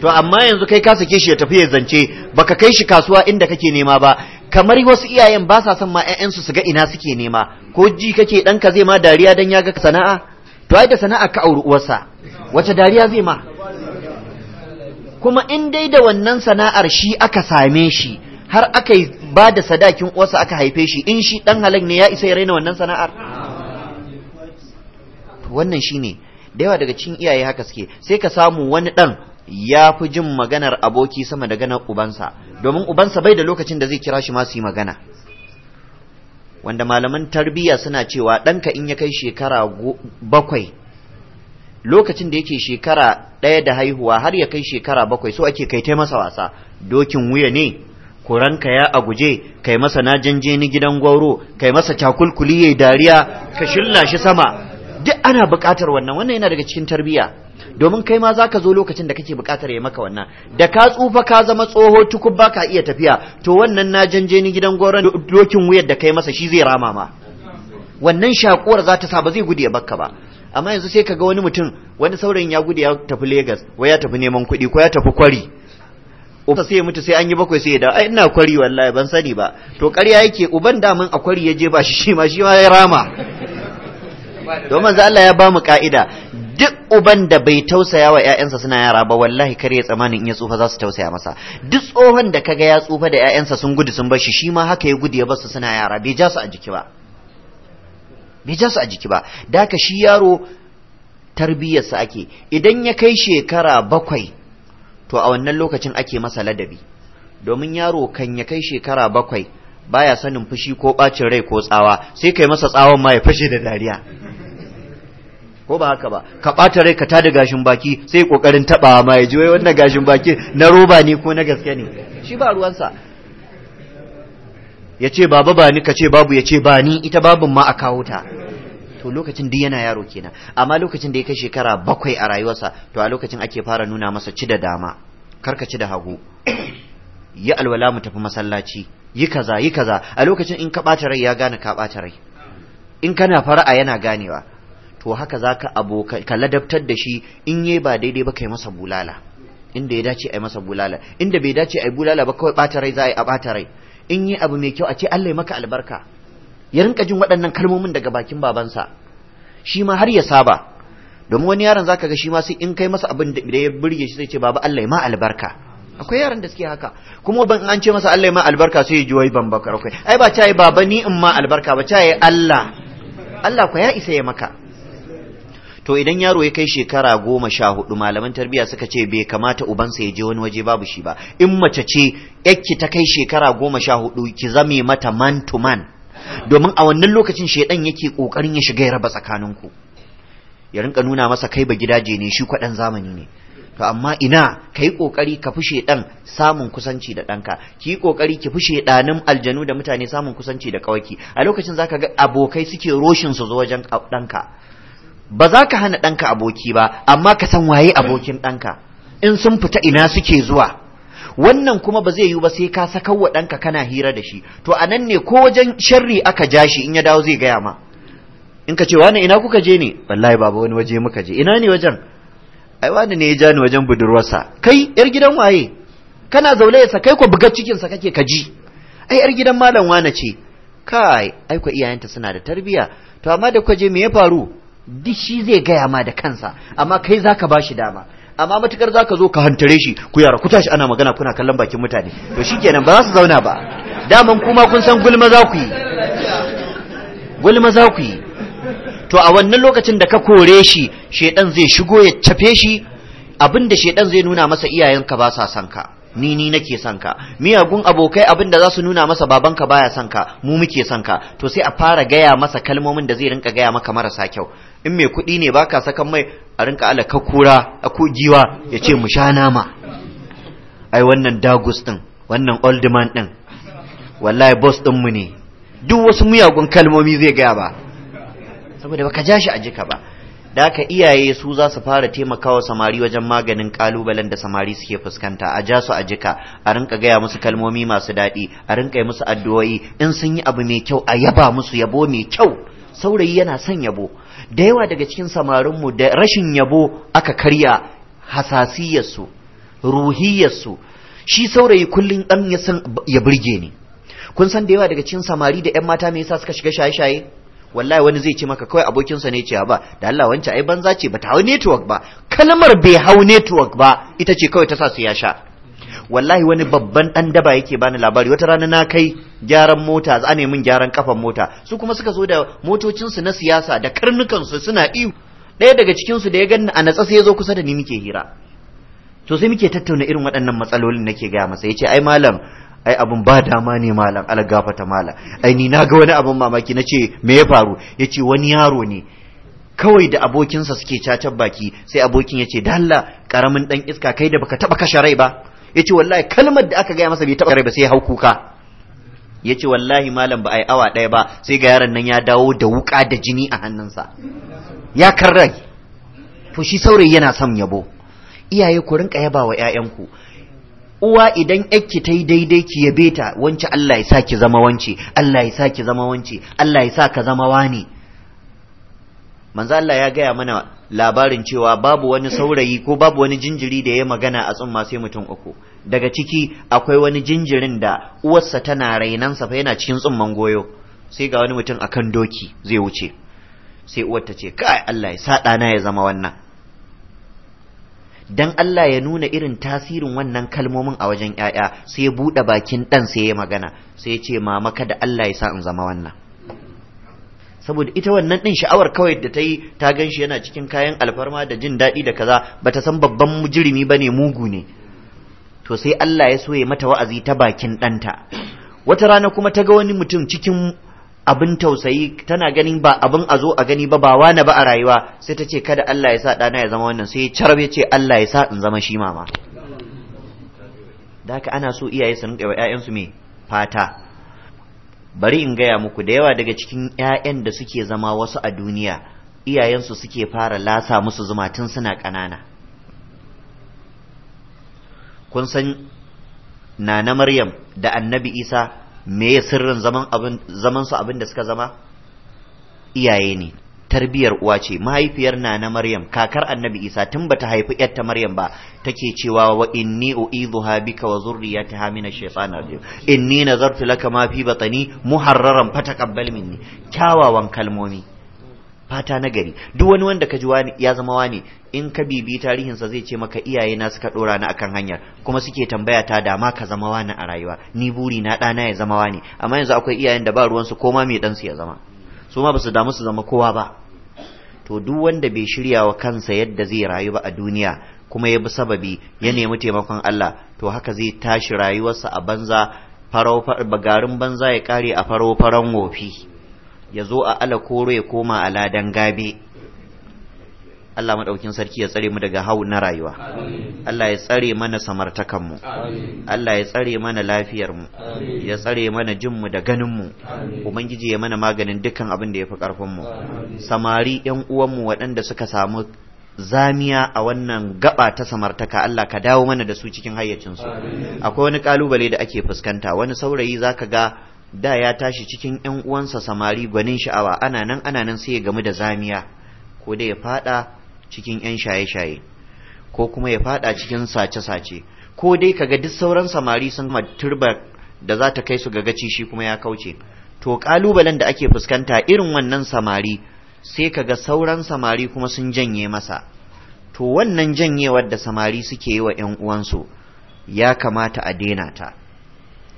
to amma yanzu kai ka sake shi ya tafi ya zance baka kai shi kasuwa inda kake nema ba kamar wasu iyayen ba sa son ma ƴaƴan su ga ina suke nema ko ji kake ɗanka zai ma dariya dan ya ga sana'a to ai da sana'a ka auri uwarsa wace dariya zai ma kuma in dai da wannan sana'ar shi aka same shi har aka ba da sadakin uwarsa aka haife shi in shi dan halak ne ya isa ya raina wannan sana'ar wannan shi ne da yawa daga cikin iyaye haka suke sai ka samu wani dan ya fi jin maganar aboki sama da ganar ubansa domin ubansa bai da lokacin da zai kira shi masu yi magana wanda malaman tarbiyya suna cewa ɗanka in ya kai shekara bakwai lokacin da yake shekara ɗaya da haihuwa har ya kai shekara bakwai so ake kai masa wasa dokin wuya ne kuranka ya a guje kai masa najanje ni gidan gwauro kai masa cakulkuli yayi dariya ka shilla shi sama duk ana buƙatar wannan wannan yana daga cikin tarbiya domin kai ma zaka zo lokacin da kake buƙatar ya maka wannan da ka tsufa ka zama tsoho tukub baka iya tafiya to wannan najanje ni gidan gwauro dokin wuyar da kai masa shi zai rama ma wannan shakuwar za ta sa ba zai gudu ya bakka ba amma yanzu sai kaga wani mutum wani saurayin ya gudu ya tafi Legas wai ya tafi neman kuɗi ko ya tafi kwari uba sai ya mutu sai an yi bakwai sai ya dawo ai ina kwari wallahi ban sani ba to ƙarya yake uban da mun akwari ya je ba shi shi ma shi ma ya rama don manzo Allah ya ba mu ka'ida duk uban da bai tausaya wa ƴaƴansa suna yara ba wallahi kare tsamanin in ya tsufa za su tausaya masa duk tsohon da kaga ya tsufa da ƴaƴansa sun gudu sun bar shi ma haka ya gudu ya bar su suna yara bai ja su a jiki ba bai ja su a jiki ba da haka shi yaro tarbiyyarsa ake idan ya kai shekara bakwai to a wannan lokacin ake masa ladabi domin yaro kan ya kai shekara bakwai baya sanin fushi ko bacin rai ko tsawa sai kai masa tsawon ma ya fashe da dariya ko ba haka ba ka bata rai ka tada gashin baki sai kokarin tabawa ma ya ji wai wannan gashin baki na roba ne ko na gaske ne shi ba ruwansa ya ce baba ba ni ka babu ya ce ba ni ita babun ma a kawo ta to lokacin duk yana yaro kenan amma lokacin da ya kai shekara bakwai a rayuwarsa to a lokacin ake fara nuna masa ci da dama karka ci da hagu yi alwala mu tafi masallaci yi kaza yi kaza a lokacin in ka ɓata rai ya gane ka ɓata rai in kana fara'a yana ganewa to haka za ka abokan ka ladabtar da shi in yi ba daidai ba kai masa bulala inda ya dace a yi masa bulala inda bai dace a yi bulala ba kawai ɓata rai za a yi a ɓata rai in yi abu mai kyau a ce Allah ya maka albarka ya rinka jin waɗannan kalmomin daga bakin babansa shi ma har ya saba domin wani yaron zaka ga shi ma sai in kai masa abin da ya burge shi sai ce baba Allah ya ma albarka akwai yaran da suke haka kuma ban an ce masa Allah ya ma albarka sai ya ji wai ban bakar akwai ai ba cai baba ni in ma albarka ba cai Allah Allah ko ya isa ya maka to idan yaro ya kai shekara goma sha hudu malaman tarbiyya suka ce bai kamata ubansa ya je wani waje babu shi ba in mace ce yakki ta kai shekara goma sha hudu ki zame mata man to man domin a wannan lokacin shaidan yake kokarin ya shiga ya raba tsakaninku ya rinka nuna masa kai ba gidaje ne shi kwadan zamani ne to amma ina ka yi ka fi shaidan samun kusanci da danka. ki kokari ki fi shaiɗanin aljanu da mutane samun kusanci da kawaki a lokacin zaka ga abokai suke roshin su zo wajen danka. ba za ka hana danka aboki ba amma ka san waye abokin danka. in sun fita ina suke zuwa wannan kuma ba zai yiwu ba sai ka sakar wa ɗanka kana hira da shi to a nan ne ko wajen sharri aka ja shi in ya dawo zai gaya ma in ka ce wani ina kuka je ne wallahi baba wani waje muka je ina ne wajen ai wani ne ya ja ni wajen budurwarsa kai yar gidan waye kana zaune ya sakai ko buga cikin sa kake kaji. ai yar gidan malam wane ce kai ai ko iyayenta suna da tarbiya to amma da kuka je me ya faru duk shi zai gaya ma da kansa amma kai zaka bashi dama amma matukar za ka zo ka hantare shi ku yara ku tashi ana magana kuna kallon bakin mutane to shi kenan ba za su zauna ba daman kuma kun san gulma za ku yi gulma za ku yi to a wannan lokacin da ka kore shi shedan zai shigo ya cafe shi abinda shedan zai nuna masa iyayenka ba sa san ka ni ni nake son ka miyagun abokai abin da za su nuna masa babanka baya son ka mu muke son ka to sai a fara gaya masa kalmomin da zai rinka gaya maka marasa kyau in mai kuɗi ne baka sakan mai a rinka ala kakura a ko giwa ya ce mu sha nama ai wannan dagus din wannan old man din wallahi boss din mu ne duk wasu miyagun kalmomi zai gaya ba saboda baka ja shi a jika ba da aka iyaye su za su fara taimakawa samari wajen maganin kalubalen da samari suke fuskanta a ja a jika a rinka gaya musu kalmomi masu daɗi a rinka musu addu'o'i in sun yi abu mai kyau a yaba musu yabo mai kyau saurayi yana son yabo da yawa daga cikin samarinmu da rashin yabo aka karya hasasiyarsu ruhiyarsu shi saurayi kullum ɗan ya san ya burge ni kun san da yawa daga cikin samari da 'yan mata me yasa suka shiga shaye-shaye wallahi wani zai ce maka kawai abokinsa ne cewa ba da Allah wancan ai banza ce bata hau network ba kalmar bai hau network ba ita ce kawai ta sa su ya sha wallahi wani babban dan daba yake bani labari wata rana na kai gyaran mota za ne min gyaran kafan mota su kuma suka zo da motocinsu na siyasa da karnukansu suna ihu daya daga cikin su da ya gani a natsa sai ya zo kusa da ni muke hira to sai muke tattauna irin waɗannan matsalolin nake gaya masa yace ai malam ai abin ba dama ne malam algafata malam ai ni na ga wani abin mamaki na ce me ya faru ya wani yaro ne kawai da abokinsa suke cacar baki sai abokin ya ce dalla karamin dan iska kai da baka taba kashe rai ba yace ce wallahi kalmar da aka gaya masa bai taba rai ba sai ya hau kuka ya wallahi malam ba a yi awa ɗaya ba sai ga yaron nan ya dawo da wuka da jini a hannunsa ya karrai to shi saurayi yana son yabo iyaye ku rinka yaba wa 'ya'yanku uwa idan yake ta yi daidai ki yabe ta wance Allah ya sa ki zama wance Allah ya sa ki zama wance Allah ya sa ka zama wani manzo Allah ya gaya mana labarin cewa babu wani saurayi ko babu wani jinjiri da ya magana a tsumma sai mutum uku daga ciki akwai wani jinjirin da uwarsa tana rainan sa fa yana cikin tsumman goyo sai ga wani mutum akan doki zai wuce sai uwar ta ce kai Allah ya sa ɗana ya zama wannan dan Allah ya nuna irin tasirin wannan kalmomin a wajen ‘ya'ya sai ya buɗe bakin ɗan sai ya magana sai ya ce mama kada Allah ya sa in zama wannan saboda ita wannan ɗin sha'awar kawai da ta yi ta gan shi yana cikin kayan alfarma da jin daɗi da kaza ba ta san babban mujirimi ba ne mugu ne to sai Allah ya so mata wa'azi ta bakin ɗanta wata rana kuma ta ga wani mutum cikin abin tausayi tana ganin ba abin a zo a gani ba ba wani ba a rayuwa sai ta ce kada Allah ya sa ɗana ya zama wannan sai carbe ce Allah ya sa in zama shi mama da haka ana so iyaye su rinƙa wa 'ya'yansu me fata bari in gaya muku da yawa daga cikin 'ya'yan da suke zama wasu a duniya iyayensu suke fara lasa musu zuma tun suna ƙanana kun san na na maryam da annabi isa me sirrin zaman abin zaman su abin da suka zama iyaye ne tarbiyar uwa ce mahaifiyar na na Maryam kakar Annabi Isa tun bata haifi ta Maryam ba take cewa wa inni u'idhuha bika wa zurriyataha min ash-shaytan rajim inni nazartu laka ma fi batni muharraran fataqabbal minni kyawawan kalmomi fata na gari duk wani wanda ka ji wani ya zama wani in ka bibi tarihinsa zai ce maka iyaye na suka dora ni akan hanyar kuma suke tambaya ta da ma ka zama wani a rayuwa ni buri na ɗana ya zama wani amma yanzu akwai iyayen da ba ruwan su ma mai su ya zama su ma ba su damu su zama kowa ba to duk wanda bai shirya wa kansa yadda zai rayu ba a duniya kuma ya bi sababi ya nemi taimakon Allah to haka zai tashi rayuwarsa a banza farau garin banza ya kare a farau faran wofi ya zo a ala koro ya koma a ladan gabe Allah maɗaukin sarki ya tsare mu daga hau na rayuwa Allah ya tsare mana samartakanmu Allah ya tsare mana lafiyarmu ya tsare mana jinmu da ganinmu Ubangiji ya mana maganin dukkan abin da ya fi ƙarfinmu samari ‘yan uwanmu waɗanda suka samu zamiya a wannan gaba ta samartaka Allah ka dawo mana da su cikin hayyacinsu akwai wani kalubale da ake fuskanta wani saurayi zaka ga da ya tashi cikin ‘yan uwansa samari gwanin sha'awa ana nan ana nan sai ya gamu da zamiya ko da ya fada cikin ‘yan shaye-shaye ko kuma ya fada cikin sace-sace ko dai kaga duk sauran samari sun turba da za ta kai su ga gaci shi kuma ya kauce to kalubalen da ake fuskanta irin wannan samari sai kaga sauran samari kuma sun janye masa to wannan janyewar da samari suke yi wa ‘yan uwansu ya kamata a daina ta.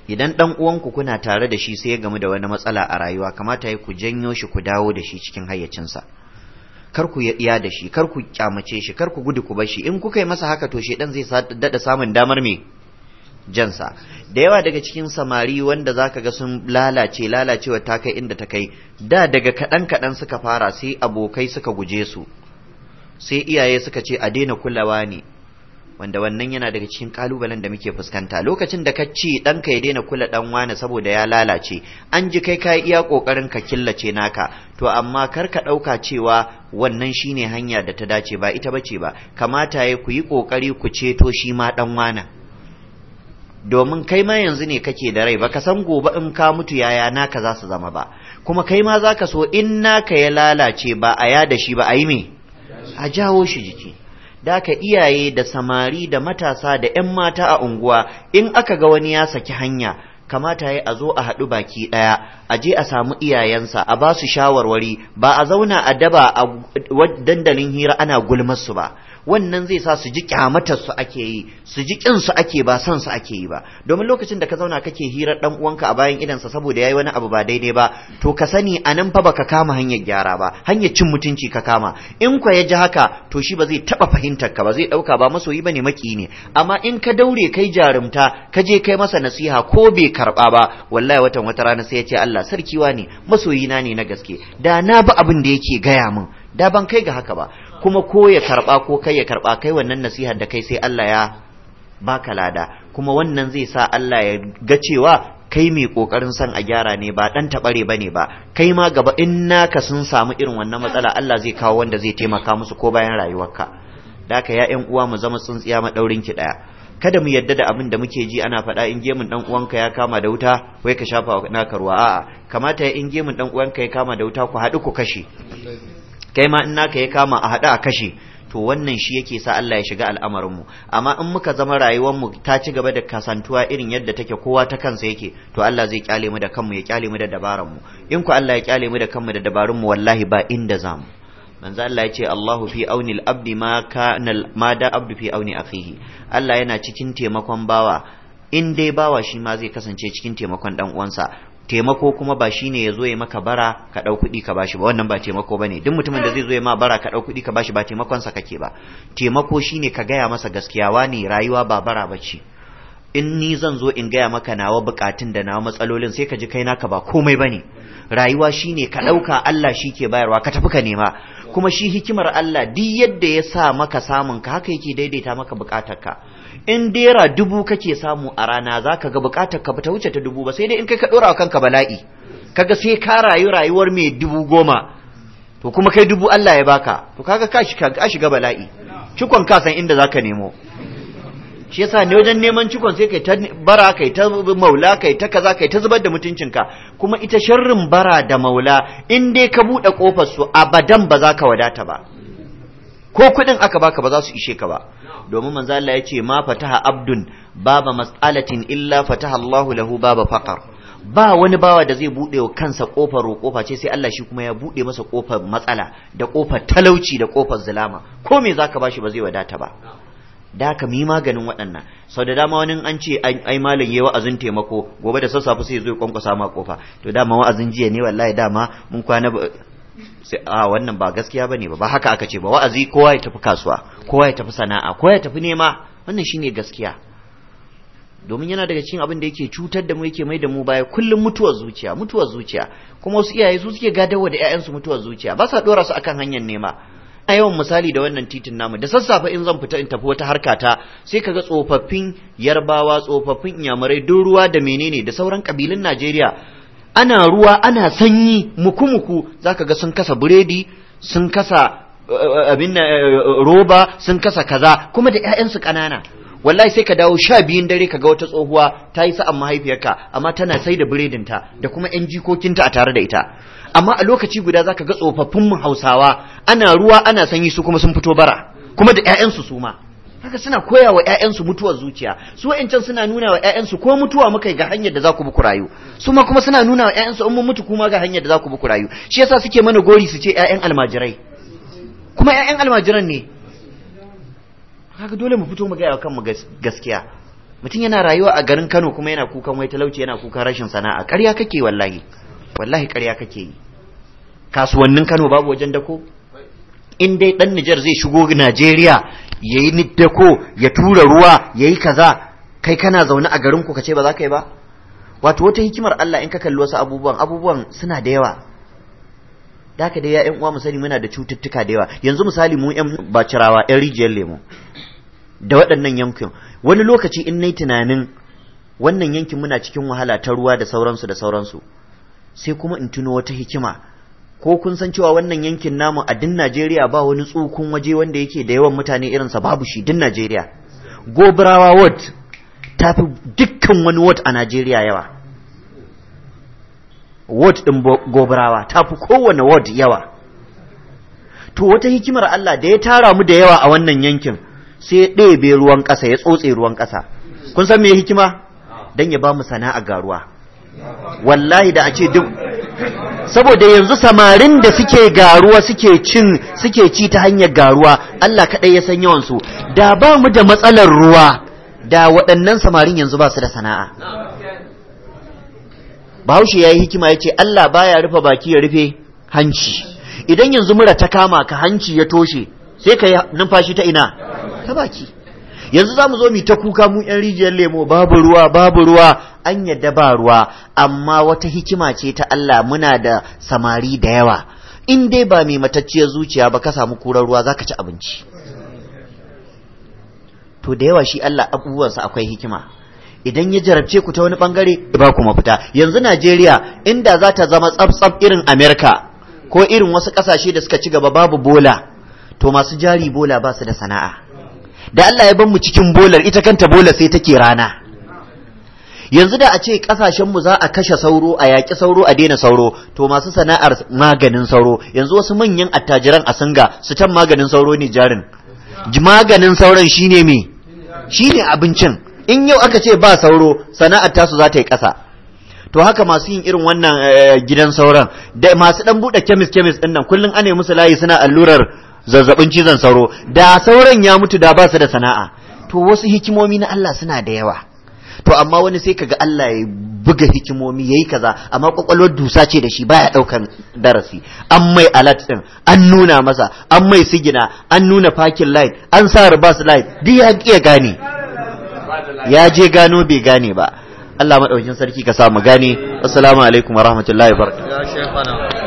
idan dan uwanku kuna tare da shi sai ya gamu da wani matsala a rayuwa kamata ya ku janyo shi ku dawo da shi cikin hayyacinsa kar ku iya da shi kar ku kyamace shi kar ku gudu ku bar shi in kuka yi masa haka to dan zai daɗa samun damar me jansa da yawa daga cikin samari wanda zaka ga sun lalace lalacewa ta kai inda ta kai da daga kaɗan kaɗan suka fara sai abokai suka guje su sai iyaye suka ce a daina kulawa ne wanda wannan yana daga cikin kalubalen da muke fuskanta lokacin da ka ci ɗanka ya daina kula ɗan wani saboda ya lalace an ji kai ka iya ƙoƙarin ka killace naka to amma kar ka ɗauka cewa wannan shine hanya da ta dace ba ita bace ba kamata ya ku yi ƙoƙari ku ceto shi ma ɗan wani domin kai ma yanzu ne kake da rai baka san gobe in ka mutu yaya naka za su zama ba kuma kai ma za ka so in naka ya lalace ba a yada shi ba a yi me a jawo shi jiki da ka iyaye da samari da matasa da 'yan mata a unguwa in aka ga wani ya saki hanya kamata ya a zo a haɗu baki ɗaya a je a samu iyayensa a ba su shawarwari ba a zauna a daba a dandalin hira ana su ba wannan zai sa su ji kyamatar su ake yi su ji kin su ake ba son su ake yi ba domin lokacin da ka zauna kake hirar dan uwanka a bayan sa saboda yayi wani abu ba daidai ba to ka sani anan fa baka kama hanyar gyara ba hanyar cin mutunci ka kama in kwa ya ji haka to shi ba zai taba fahimtar ka ba zai dauka ba masoyi bane maki ne amma in ka daure kai jarumta ka je kai masa nasiha ko bai karba ba wallahi watan wata rana sai ya ce Allah sarkiwa ne masoyina ne na gaske da na bi abin da yake gaya min da ban kai ga haka ba kuma ko ya karba ko kai ya karba kai wannan nasihar da kai sai Allah ya baka lada kuma wannan zai sa Allah ya ga cewa kai mai kokarin san a gyara ne ba dan tabare bane ba kai ma gaba in naka sun samu irin wannan matsala Allah zai kawo wanda zai taimaka musu ko bayan rayuwarka daka ya ƴan uwa mu zama tsintsiya madaurin ki daya kada mu yadda da abin da muke ji ana faɗa in gemun dan uwanka ya kama da wuta wai ka shafa naka ruwa a'a kamata in gemun dan uwanka ya kama da wuta ku haɗu ku kashe kai ma in naka ya kama a haɗa a kashe to wannan shi yake sa Allah ya shiga al'amarinmu amma in muka zama rayuwar mu ta ci gaba da kasantuwa irin yadda take kowa ta kansa yake to Allah zai kyale mu da kanmu ya kyale mu da dabararmu in ku Allah ya kyale mu da kanmu da dabarunmu wallahi ba inda zamu manzo Allah ya ce Allahu fi auni al-abdi ma kana ma da abdu fi auni akhihi Allah yana cikin taimakon bawa in dai bawa shi ma zai kasance cikin taimakon dan uwansa taimako kuma ba shine yazo ya maka bara ka dau kuɗi ka bashi ba wannan ba taimako bane duk mutumin da zai zo ya ma bara ka dau kuɗi ka bashi ba taimakon sa kake ba taimako shine ka gaya masa gaskiya wani rayuwa ba bara bace in ni zan zo in gaya maka nawa bukatun da nawa matsalolin sai ka ji kai naka ba komai bane rayuwa shine ka ɗauka Allah shi ke bayarwa ka tafi ka nema kuma shi hikimar Allah duk yadda ya sa maka samun ka haka yake daidaita maka bukatarka in dera dubu kake samu a rana za ka ga bukatar ka ta wuce ta dubu ba sai dai in kai ka ɗora wa kanka bala'i kaga sai ka rayu rayuwar mai dubu goma to kuma kai dubu Allah ya baka to kaga ka shiga bala'i cikon ka san inda zaka nemo shi yasa ne wajen neman cikon sai kai ta bara kai ta maula kai ta kaza kai ta zubar da mutuncinka kuma ita sharrin bara da maula in dai ka buɗe kofar su abadan ba za ka wadata ba ko kuɗin aka baka ba za su ishe ka ba domin manzo Allah ya ce ma fataha abdun baba mas'alatin illa fataha Allahu lahu baba faqar ba wani bawa da zai bude wa kansa kofar roƙofa ce sai Allah shi kuma ya bude masa kofar matsala da kofar talauci da kofar zulama ko me zaka bashi ba zai wadata ba da ka mi maganin waɗannan sau da dama wani an ce ai malam yayi wa'azin taimako gobe da sassafe sai zo ya kwankwasa ma kofa to dama wa'azin jiya ne wallahi dama mun kwana sai a ah, wannan ba gaskiya bane ba ba haka aka ce ba wa'azi kowa ya tafi kasuwa kowa ya tafi sana'a kowa ya tafi nema wannan shine gaskiya domin yana daga cikin abin da yake cutar da mu yake mai da mu baya kullum mutuwar zuciya mutuwar zuciya kuma wasu iyaye su suke gadawa da ƴaƴansu mutuwar zuciya ba sa dora su akan hanyar nema a yawan misali da wannan titin namu da sassafe in zan fita in tafi wata harka ta sai kaga tsofaffin yarbawa tsofaffin inyamurai don ruwa da menene da sauran kabilun Najeriya ana ruwa ana sanyi muku-muku za ka ga sun kasa buredi sun kasa eh, eh, abin eh, roba sun kasa kaza kuma da 'ya'yansu ƙanana wallahi sai ka dawo sha biyun dare ka ga wata tsohuwa ta yi sa'an mahaifiyarka amma tana sai da biredinta da kuma 'yan jikokinta a tare da ita amma a lokaci guda za ka ga tsofaffin mu hausawa ana ruwa ana sanyi su kuma sun fito bara kuma da 'ya'yansu su ma kaga suna koya wa 'ya'yansu mutuwar zuciya su wa'ancan suna nuna wa ƴaƴansu ko mutuwa muka ga hanyar da za ku bi rayu su ma kuma suna nuna wa ƴaƴansu in mun mutu kuma ga hanyar da za ku bi rayu shi yasa suke mana gori su ce ƴaƴan almajirai kuma ƴaƴan almajiran ne kaga dole mu fito mu ga wa kanmu gaskiya mutum yana rayuwa a garin Kano kuma yana kukan wai talauci yana kukan rashin sana'a ƙarya kake wallahi wallahi ƙarya kake yi kasuwannin Kano babu wajen dako in dai dan Nijar zai shigo Najeriya ya yi niddako ya tura ruwa ya yi kaza kai kana zaune a garinku ka ce ba za ka yi ba wato wata hikimar Allah in ka kalli wasu abubuwan abubuwan suna da yawa da ka dai ya'yan uwa sani muna da cututtuka da yawa yanzu misali mu ƴan bacirawa yan rijiyar lemo da waɗannan yankin wani lokaci in nayi tunanin wannan yankin muna cikin wahala ta ruwa da sauransu da sauransu sai kuma in tuno wata hikima ko kun san cewa wannan yankin namu a din Najeriya ba wani tsukun waje wanda yake da yawan mutane irinsa babu shi din Najeriya gobirawa ward ta fi dukkan wani ward a Najeriya yawa ward din gobirawa ta fi kowane ward yawa to wata hikimar Allah da ya tara mu da yawa a wannan yankin sai ya ɗebe ruwan ƙasa ya tsotse ruwan ƙasa kun san me hikima dan ya ba mu sana'a garuwa. ruwa wallahi da a ce duk saboda yanzu samarin da suke garuwa suke cin suke ci ta hanyar garuwa Allah kaɗai ya san yawansu da ba mu da matsalar ruwa da waɗannan samarin yanzu ba su da sana'a bahaushe ya yi hikima ya ce Allah baya rufe baki ya rufe hanci idan yanzu mura ta kama ka hanci ya toshe sai ka yi numfashi ta ina ta baki yanzu za mu zo mu ta kuka mu yan rijiyar lemo babu ruwa babu ruwa an yadda ba ruwa amma wata hikima ce ta Allah muna da samari da yawa in dai ba mai matacciyar zuciya ba ka samu kurar ruwa za ka ci abinci to da yawa shi Allah abubuwansa akwai hikima idan ya jarabce ku ta wani bangare ba ku mafita yanzu Najeriya inda za ta zama tsaf irin Amerika ko irin wasu kasashe da suka ci gaba babu bola to masu jari bola ba su da sana'a da Allah ya ban mu cikin bolar ita kanta bolar sai take rana yanzu da a ce kasashen mu za a kashe sauro a yaki sauro a daina sauro to masu sana'ar maganin sauro yanzu wasu manyan attajiran a singa su tan maganin sauro ne jarin maganin sauron shine me shine abincin in yau aka ce ba sauro sana'ar tasu za ta yi kasa. to haka masu yin irin wannan eh, gidan sauran da masu dan bude kemis kemis din nan kullun ane musu layi suna allurar zazzabin cizon sauro da sauran ya mutu da basu da sana'a to wasu hikimomi na Allah suna da yawa to amma wani sai kaga Allah ya buga hikimomi yayi kaza amma kwakwalwar dusa ce da shi baya daukan darasi an mai alat din an nuna masa an mai sigina an nuna parking light an sa reverse light duk ya iya gane ya je gano bai gane ba Allah madaukin sarki ka sa mu gane assalamu alaikum warahmatullahi wabarakatuh